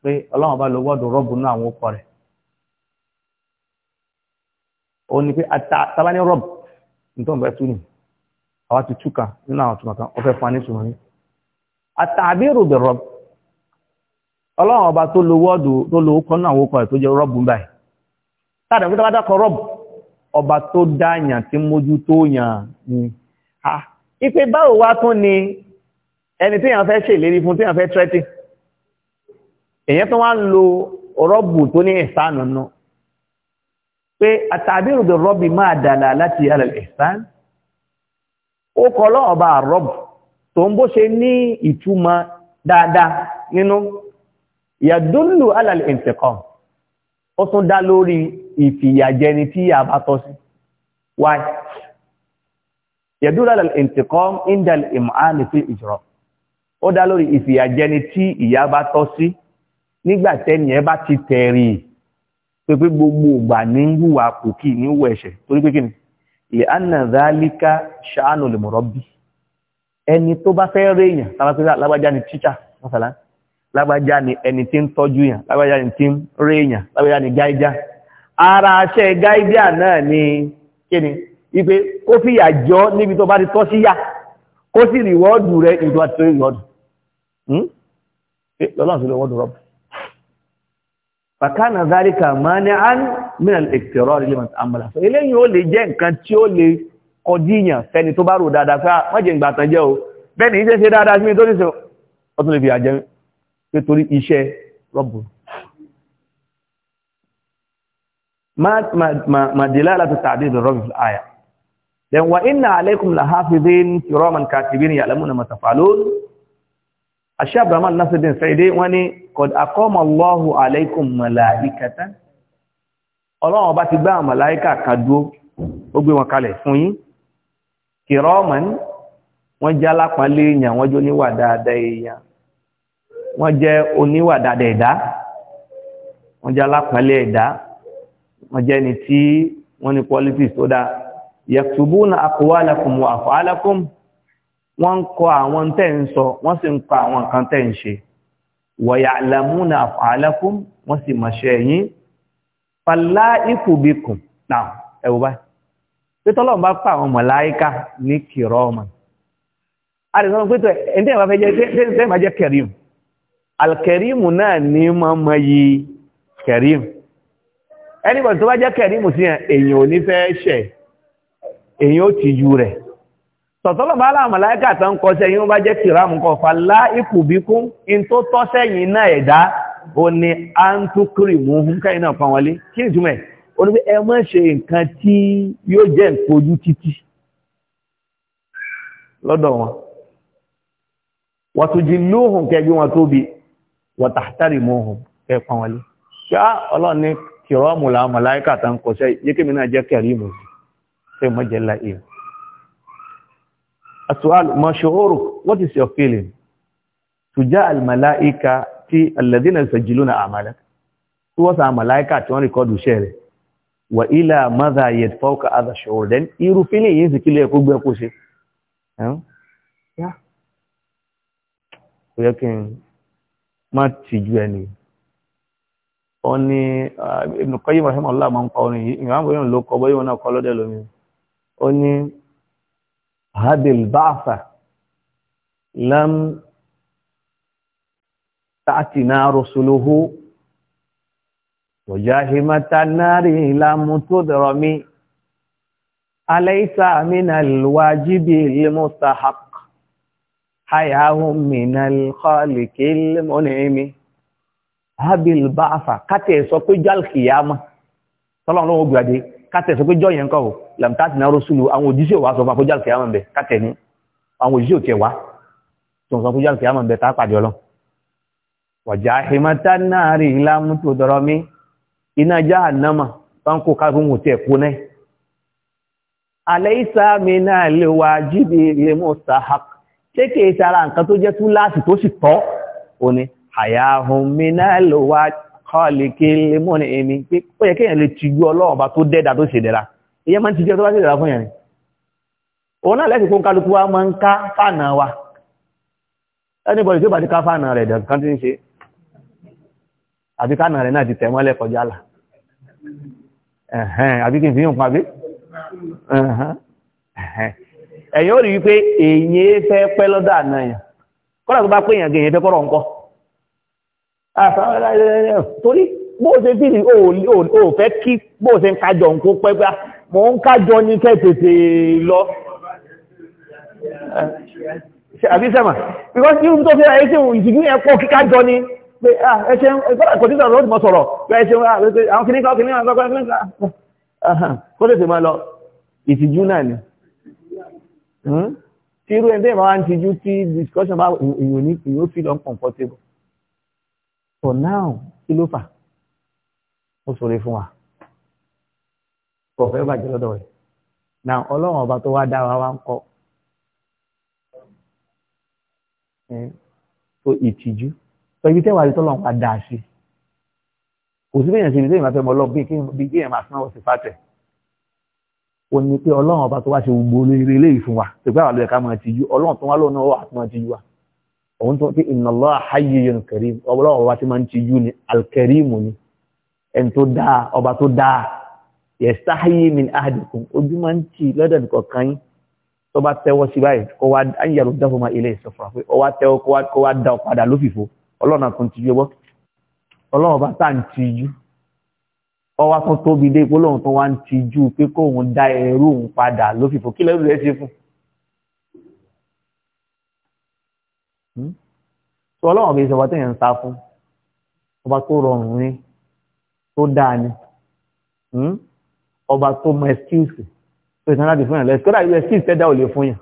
pé ọlọ́run bá lo wọ́ọ̀dù rọ́bù náà àwọn ó rẹ̀ òun ni pé àtàbání rọ́bù nítorí bẹ́ẹ̀ túnú àwa ti túkà nínú àwọn túnmọ̀ kan ọ̀fẹ́ fún anísùnmọ̀ ní. àtàbírù bẹ̀ rọ́b ọlọ́run ọba tó lo wọ́ọ̀dù tó lo kọ́ náà wọ́kọ̀ ẹ̀ tó jẹ́ rọ́bù báyìí táàdà fún tábàdà kọ rọ́bù ọba tó dá yàn tí mójú tó yàn ni. ní ìsánù náà pé àtàbírù bí rọ́bì máa dàlà láti al-ihsan ó kọ́ lọ́wọ́ bá rọ́bù tó ń bó ṣe ní ìtumọ̀ dáadáa nínú yàdúlù ala al-intiqam ó tún dá lórí ìfìyàjẹni tí a bá tọ́ sí wáyé yàdúlù ala al-intiqam inda al-im'an fi al ó dá lórí ìfìyàjẹni tí ìyá bá tọ́ sí nígbà ẹ bá ti tẹ̀rì pé pé gbogbo ìgbà ní wùwà kò kí ní wù ẹ̀ṣẹ̀ torí pé kí ni lè anna zálíkà ṣàánú lè mọ̀rọ̀ bí ẹni tó bá fẹ́ rẹ̀ èèyàn tàbí lágbájá ni tíṣà mọ́sàlá lágbájá ni ẹni tí ń tọ́jú èèyàn lágbájá ni tí ń rẹ̀ èèyàn lágbájá ni gáíjá ara aṣẹ́ gáíjá náà ni kí ni wípé kó fìyà jọ níbi tó bá ti tọ́ sí yá kó sì rìwọ́ọ̀dù rẹ̀ ìjọba tó rìwọ́ọ̀dù fàkánà záríkà máa ní án mìíràn ìtẹ̀rọ ìlẹ́mọ̀tí àmàlà so eléyìí ó lè jẹ́ nǹkan tí ó lè kọjíyàn fẹ́ni tó bá rò dáadáa fẹ́ ah, mọ́jẹ̀ ìgbà tán jẹ́ o bẹ́ẹ̀ni iṣẹ́ ṣe dáadáa sí tó ní sọ ọtún lè fi àjẹ́ pé torí iṣẹ́ rọ́bù màdìlá láti tàbí Aṣí Abrahamu Nasirin Sa'idé wọ́n ní, Kọ̀dì akọ́mọ̀ lọ́hù aláìkùn màláìkàtà. Ọlọ́run bá ti gbá màláìkà kàdúó, ó gbé wọn kalẹ̀ fún yín. Kìrọ́mọ̀ ní, wọ́n jẹ́ alápàálé èèyàn, wọ́n jẹ́ oníwà dáadáa èèyàn. Wọ́n jẹ́ oníwà wọ́n ń kọ àwọn tẹ́ ń sọ wọ́n sì ń kọ àwọn kan tẹ́ ń ṣe wa ya'lamuna af'alakum wọ́n sì mọ̀ṣẹ́ yín falaiku bikum náà ẹ̀wọ̀ báyìí pé tọ́lọ́run bá pa àwọn mọ̀láíkà ní kìrọ́ọ̀mà a lè ò ní fẹ́ ṣẹ̀ èèyàn ó ti ju rẹ̀ tọ̀tọ́lọ̀ bá láàmà láìkà tán kọ sí ẹ̀yìn bá jẹ́ kìrámù kọ fàlá ìkùbíkún in tó tọ́ sẹ́yìn náà ẹ̀dá o ni a ń tó kiri mú hún káyìn náà kan wọlé kí ni túnmẹ̀ o ní pé ẹ má ṣe nǹkan tí yóò jẹ́ nkojú títí lọ́dọ̀ wọn wàtújì lóhùn kẹgbí wọn tóbi wàtàtàrí mú hún kẹ wọlé ṣá ọlọ́run ní kìrámù làmà tán kọ sẹ́yìn yékèmí náà jẹ́ kẹrí mú sí mọ́ jẹ́ láì السؤال ما شعورك what is your feeling تجاه الملائكة الذين يسجلون أعمالك towards our malaika tí wọ́n record iṣẹ́ rẹ̀ wà ilà mother then irú feeling yìí كله kílẹ̀ ẹ̀kọ́ gbé ẹ̀kọ́ ṣe ما yẹ kí n má tìjú ẹni ọ ní Ibn Qayyim rahimahullah máa ń pa orin yìí ìwọ̀n àwọn ló kọ bọ́ yóò náà kọ lọ́dẹ̀ lómi ó هذه البعثة لم تأتنا رسله وجاهمة النار لم تدرم أليس من الواجب المستحق حياه من الخالق المنعم هذه البعثة كاتي سوكو جال قيامة صلى الله عليه وسلم كاتي سوكو جو ينكو lamtati náà rọ́sùlù àwọn òjíṣẹ́ wa sọ fún àpójá ìkẹyà mọ̀ bẹ̀ kátẹ̀ ní àwọn òjíṣẹ́ òkè wa tó ń sọ fún àpójá ìkẹyà mọ̀ bẹ̀ tá pàdé ọlọ́ wàjá himata náà rí ìlàmú tó dọ̀rọ̀ mi iná já ànámà tó ń kó káàkiri wò tí ẹ̀ kó náà alẹ́ ìsá mi sara nǹkan tó jẹ́ túláàsì tó sì tọ́ ò ní àyàhùn mi náà lè wá kọ́ọ̀lì kí lè mọ́ ní èmi pé ó yẹ kéèyàn lè tìjú ọlọ́run ìyẹn máa ń tijẹ́ tó bá tẹ̀lẹ̀ fún ìyẹn òun náà lẹ́sìn kó ń kálukú wa máa ń ká fàánà wa anybody tó bá ti ká fàánà rẹ̀ dẹ̀ kan tí ń ṣe àbí kánà rẹ̀ náà ti tẹ̀ mọ́lẹ̀ kọjá là àbí kí n fi yóò pa bí ẹ̀yìn ó rí wípé èyí fẹ́ pẹ́ lọ́dọ̀ àná yẹn kọ́lá tó bá pé èyàn gẹ̀yìn fẹ́ kọ́rọ̀ ńkọ́ torí bóòṣe fíìlì ò fẹ́ kí bóòṣe ń kájọ ń kó pẹ́pẹ́ mò ń kájọ ní kẹ́tètè lọ àbí sẹ́mà because irú tó fẹ́ ẹ̀ṣẹ́ ìṣìgbí ẹ̀pọ̀ kíkájọ ní pé ẹ̀ṣẹ́ ìkọ̀tíṣà lọ́dún mọ́ sọ̀rọ̀ ẹ̀ṣẹ́ àwọn kìníkà kìníkà kọ́kọ́ kó lè tè máa lọ ìtìjú náà ni hmm? tí irú ẹ̀dẹ́ ìmọ̀ wá ń tijú tí discussion bá èèyàn ní èèyàn ó feel uncomfortable for now kí ló fà ó sọ̀rọ̀ fún wa kò fẹ́ bàjẹ́ lọ́dọ̀ rẹ̀ náà ọlọ́run ọba tó wá dá wa wá ń kọ́ tó ìtìjú tó ibi tẹ́wàá tó lọ́n pa dà sí kò sí bẹ́yẹn sí ibi tẹ́yìn máa fẹ́ mọ ọlọ́run bí kí èèyàn máa fún ọ̀sìn fàtẹ̀ ó ní pé ọlọ́run ọba tó wá ṣe gbogbo oríire eléyìí fún wa tó gbé àwọn àlùyẹ̀ká máa tìjú ọlọ́run tó wá lọ́nà ọwọ́ àti máa tìjú wa òun tó pé innallaha hayyun karim ọlọ́run ọba tí máa ń tìjú ni alkarim ni ẹni tó dáa ọba tó dáa yẹ̀stáhìí min ahadikum ojú máa ń tì lọ́dọ̀ nìkan kan yín tó bá tẹ́wọ́ sí báyìí kó wá ayélujára dáfọ́ máa ilé ìsọ̀fọ̀ pé ó wá tẹ́wọ́ kó wá da ọ̀padà lófìfo ọlọ́run àtún tijú ẹgbọ́ ọlọ́run bá tá à ń tijú ọ wá tún tóbi dé ipò lóhun tó wá ń tijú pé kóun da ẹrú òun padà lófìfo kí lẹ́rù rẹ̀ ṣe fún. Hmm? sọ ọlọ́run bí ìṣọ̀bà tẹ̀yẹ̀ ń sá fún ọba tó rọrùn ni tó dáa ni. Hmm? ọba tó mọ excuse tó ìtàn láti fún yàn lẹ́sìn kódà ìwé excuse tẹ́dá ò lè fún yàn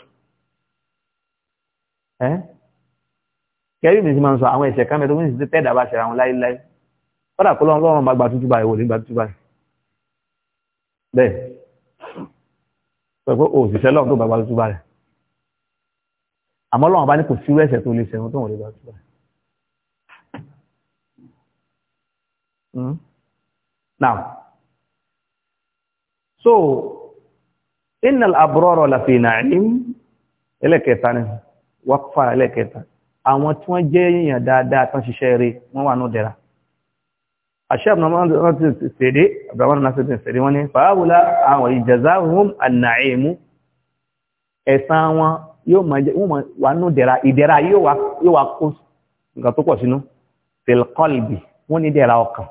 ẹ́ kẹ́rì mi ti máa ń sọ àwọn ẹ̀ṣẹ̀ kámẹ́ tó ń ṣe tẹ́dá bá ṣe àwọn láéláé kódà kó lọ́run lọ́run bá gba tútù báyìí wò ní gba tútù báyìí bẹ́ẹ̀ sọ pé òṣìṣẹ́ lọ́run tó bá gba tútù báyìí àmọ́ lọ́run bá ní kò sírú ẹ̀ṣẹ̀ tó lè ṣẹ̀wọ̀n hmm? Now, so innal abrara la fi na'im ẹlẹ́kẹta ni wákfà ẹlẹ́kẹta àwọn tí wọ́n jẹ́ èèyàn dáadáa tán ṣiṣẹ́ rí wọ́n wà ní dẹ̀ra àṣẹ àbùnàmọ́ ẹ̀san wọn yóò máa jẹ́ wọ́n wà nù dẹ̀ra ìdẹ̀ra yóò wà kó nǹkan tó pọ̀ sínú fil qalbi wọ́n ní dẹ̀ra ọkàn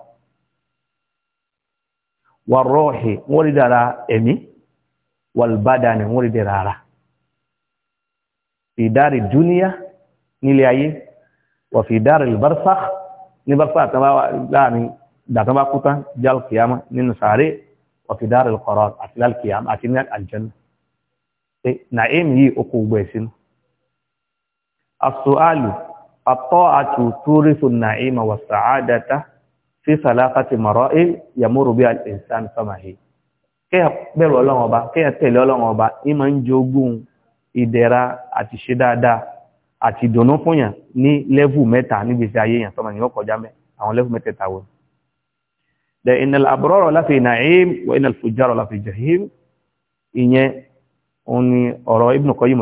wàrọ́ọ̀hì wọ́n rí dára ẹ̀mí wàlbádàní wọ́n rí dára ara fìdárì dúníyà nílé ayé wà fìdárì barsakh ní barsakh láàrin dàtàbà kúta jal kìyàmá nínú sàárè wà fìdárì kọ̀rọ̀ àti lal kìyàmá àti ní aljanna na èmi yìí ó kó gbọ́ ẹ̀sìn as-su'alu at turisu naima was-sa'adata fi salafati mara'il yamuru bi al-insan samahi kéèyàn bẹ̀rù ọlọ́run ọba kéèyàn tẹ̀lé ọlọ́run ọba ní máa ń jogún ìdẹ̀ra àti ṣe dáadáa àti ìdùnnú fúnyàn ní lẹ́vù mẹ́ta nígbèsè ayé yàn sọmọ ènìyàn kọjá mẹ́ àwọn lẹ́vù mẹ́tẹ̀ẹ̀ta wọn. the inal abrara la fi na'im wa inal fujjara la fi jahim ìyẹn òun ni ọ̀rọ̀ Qayyim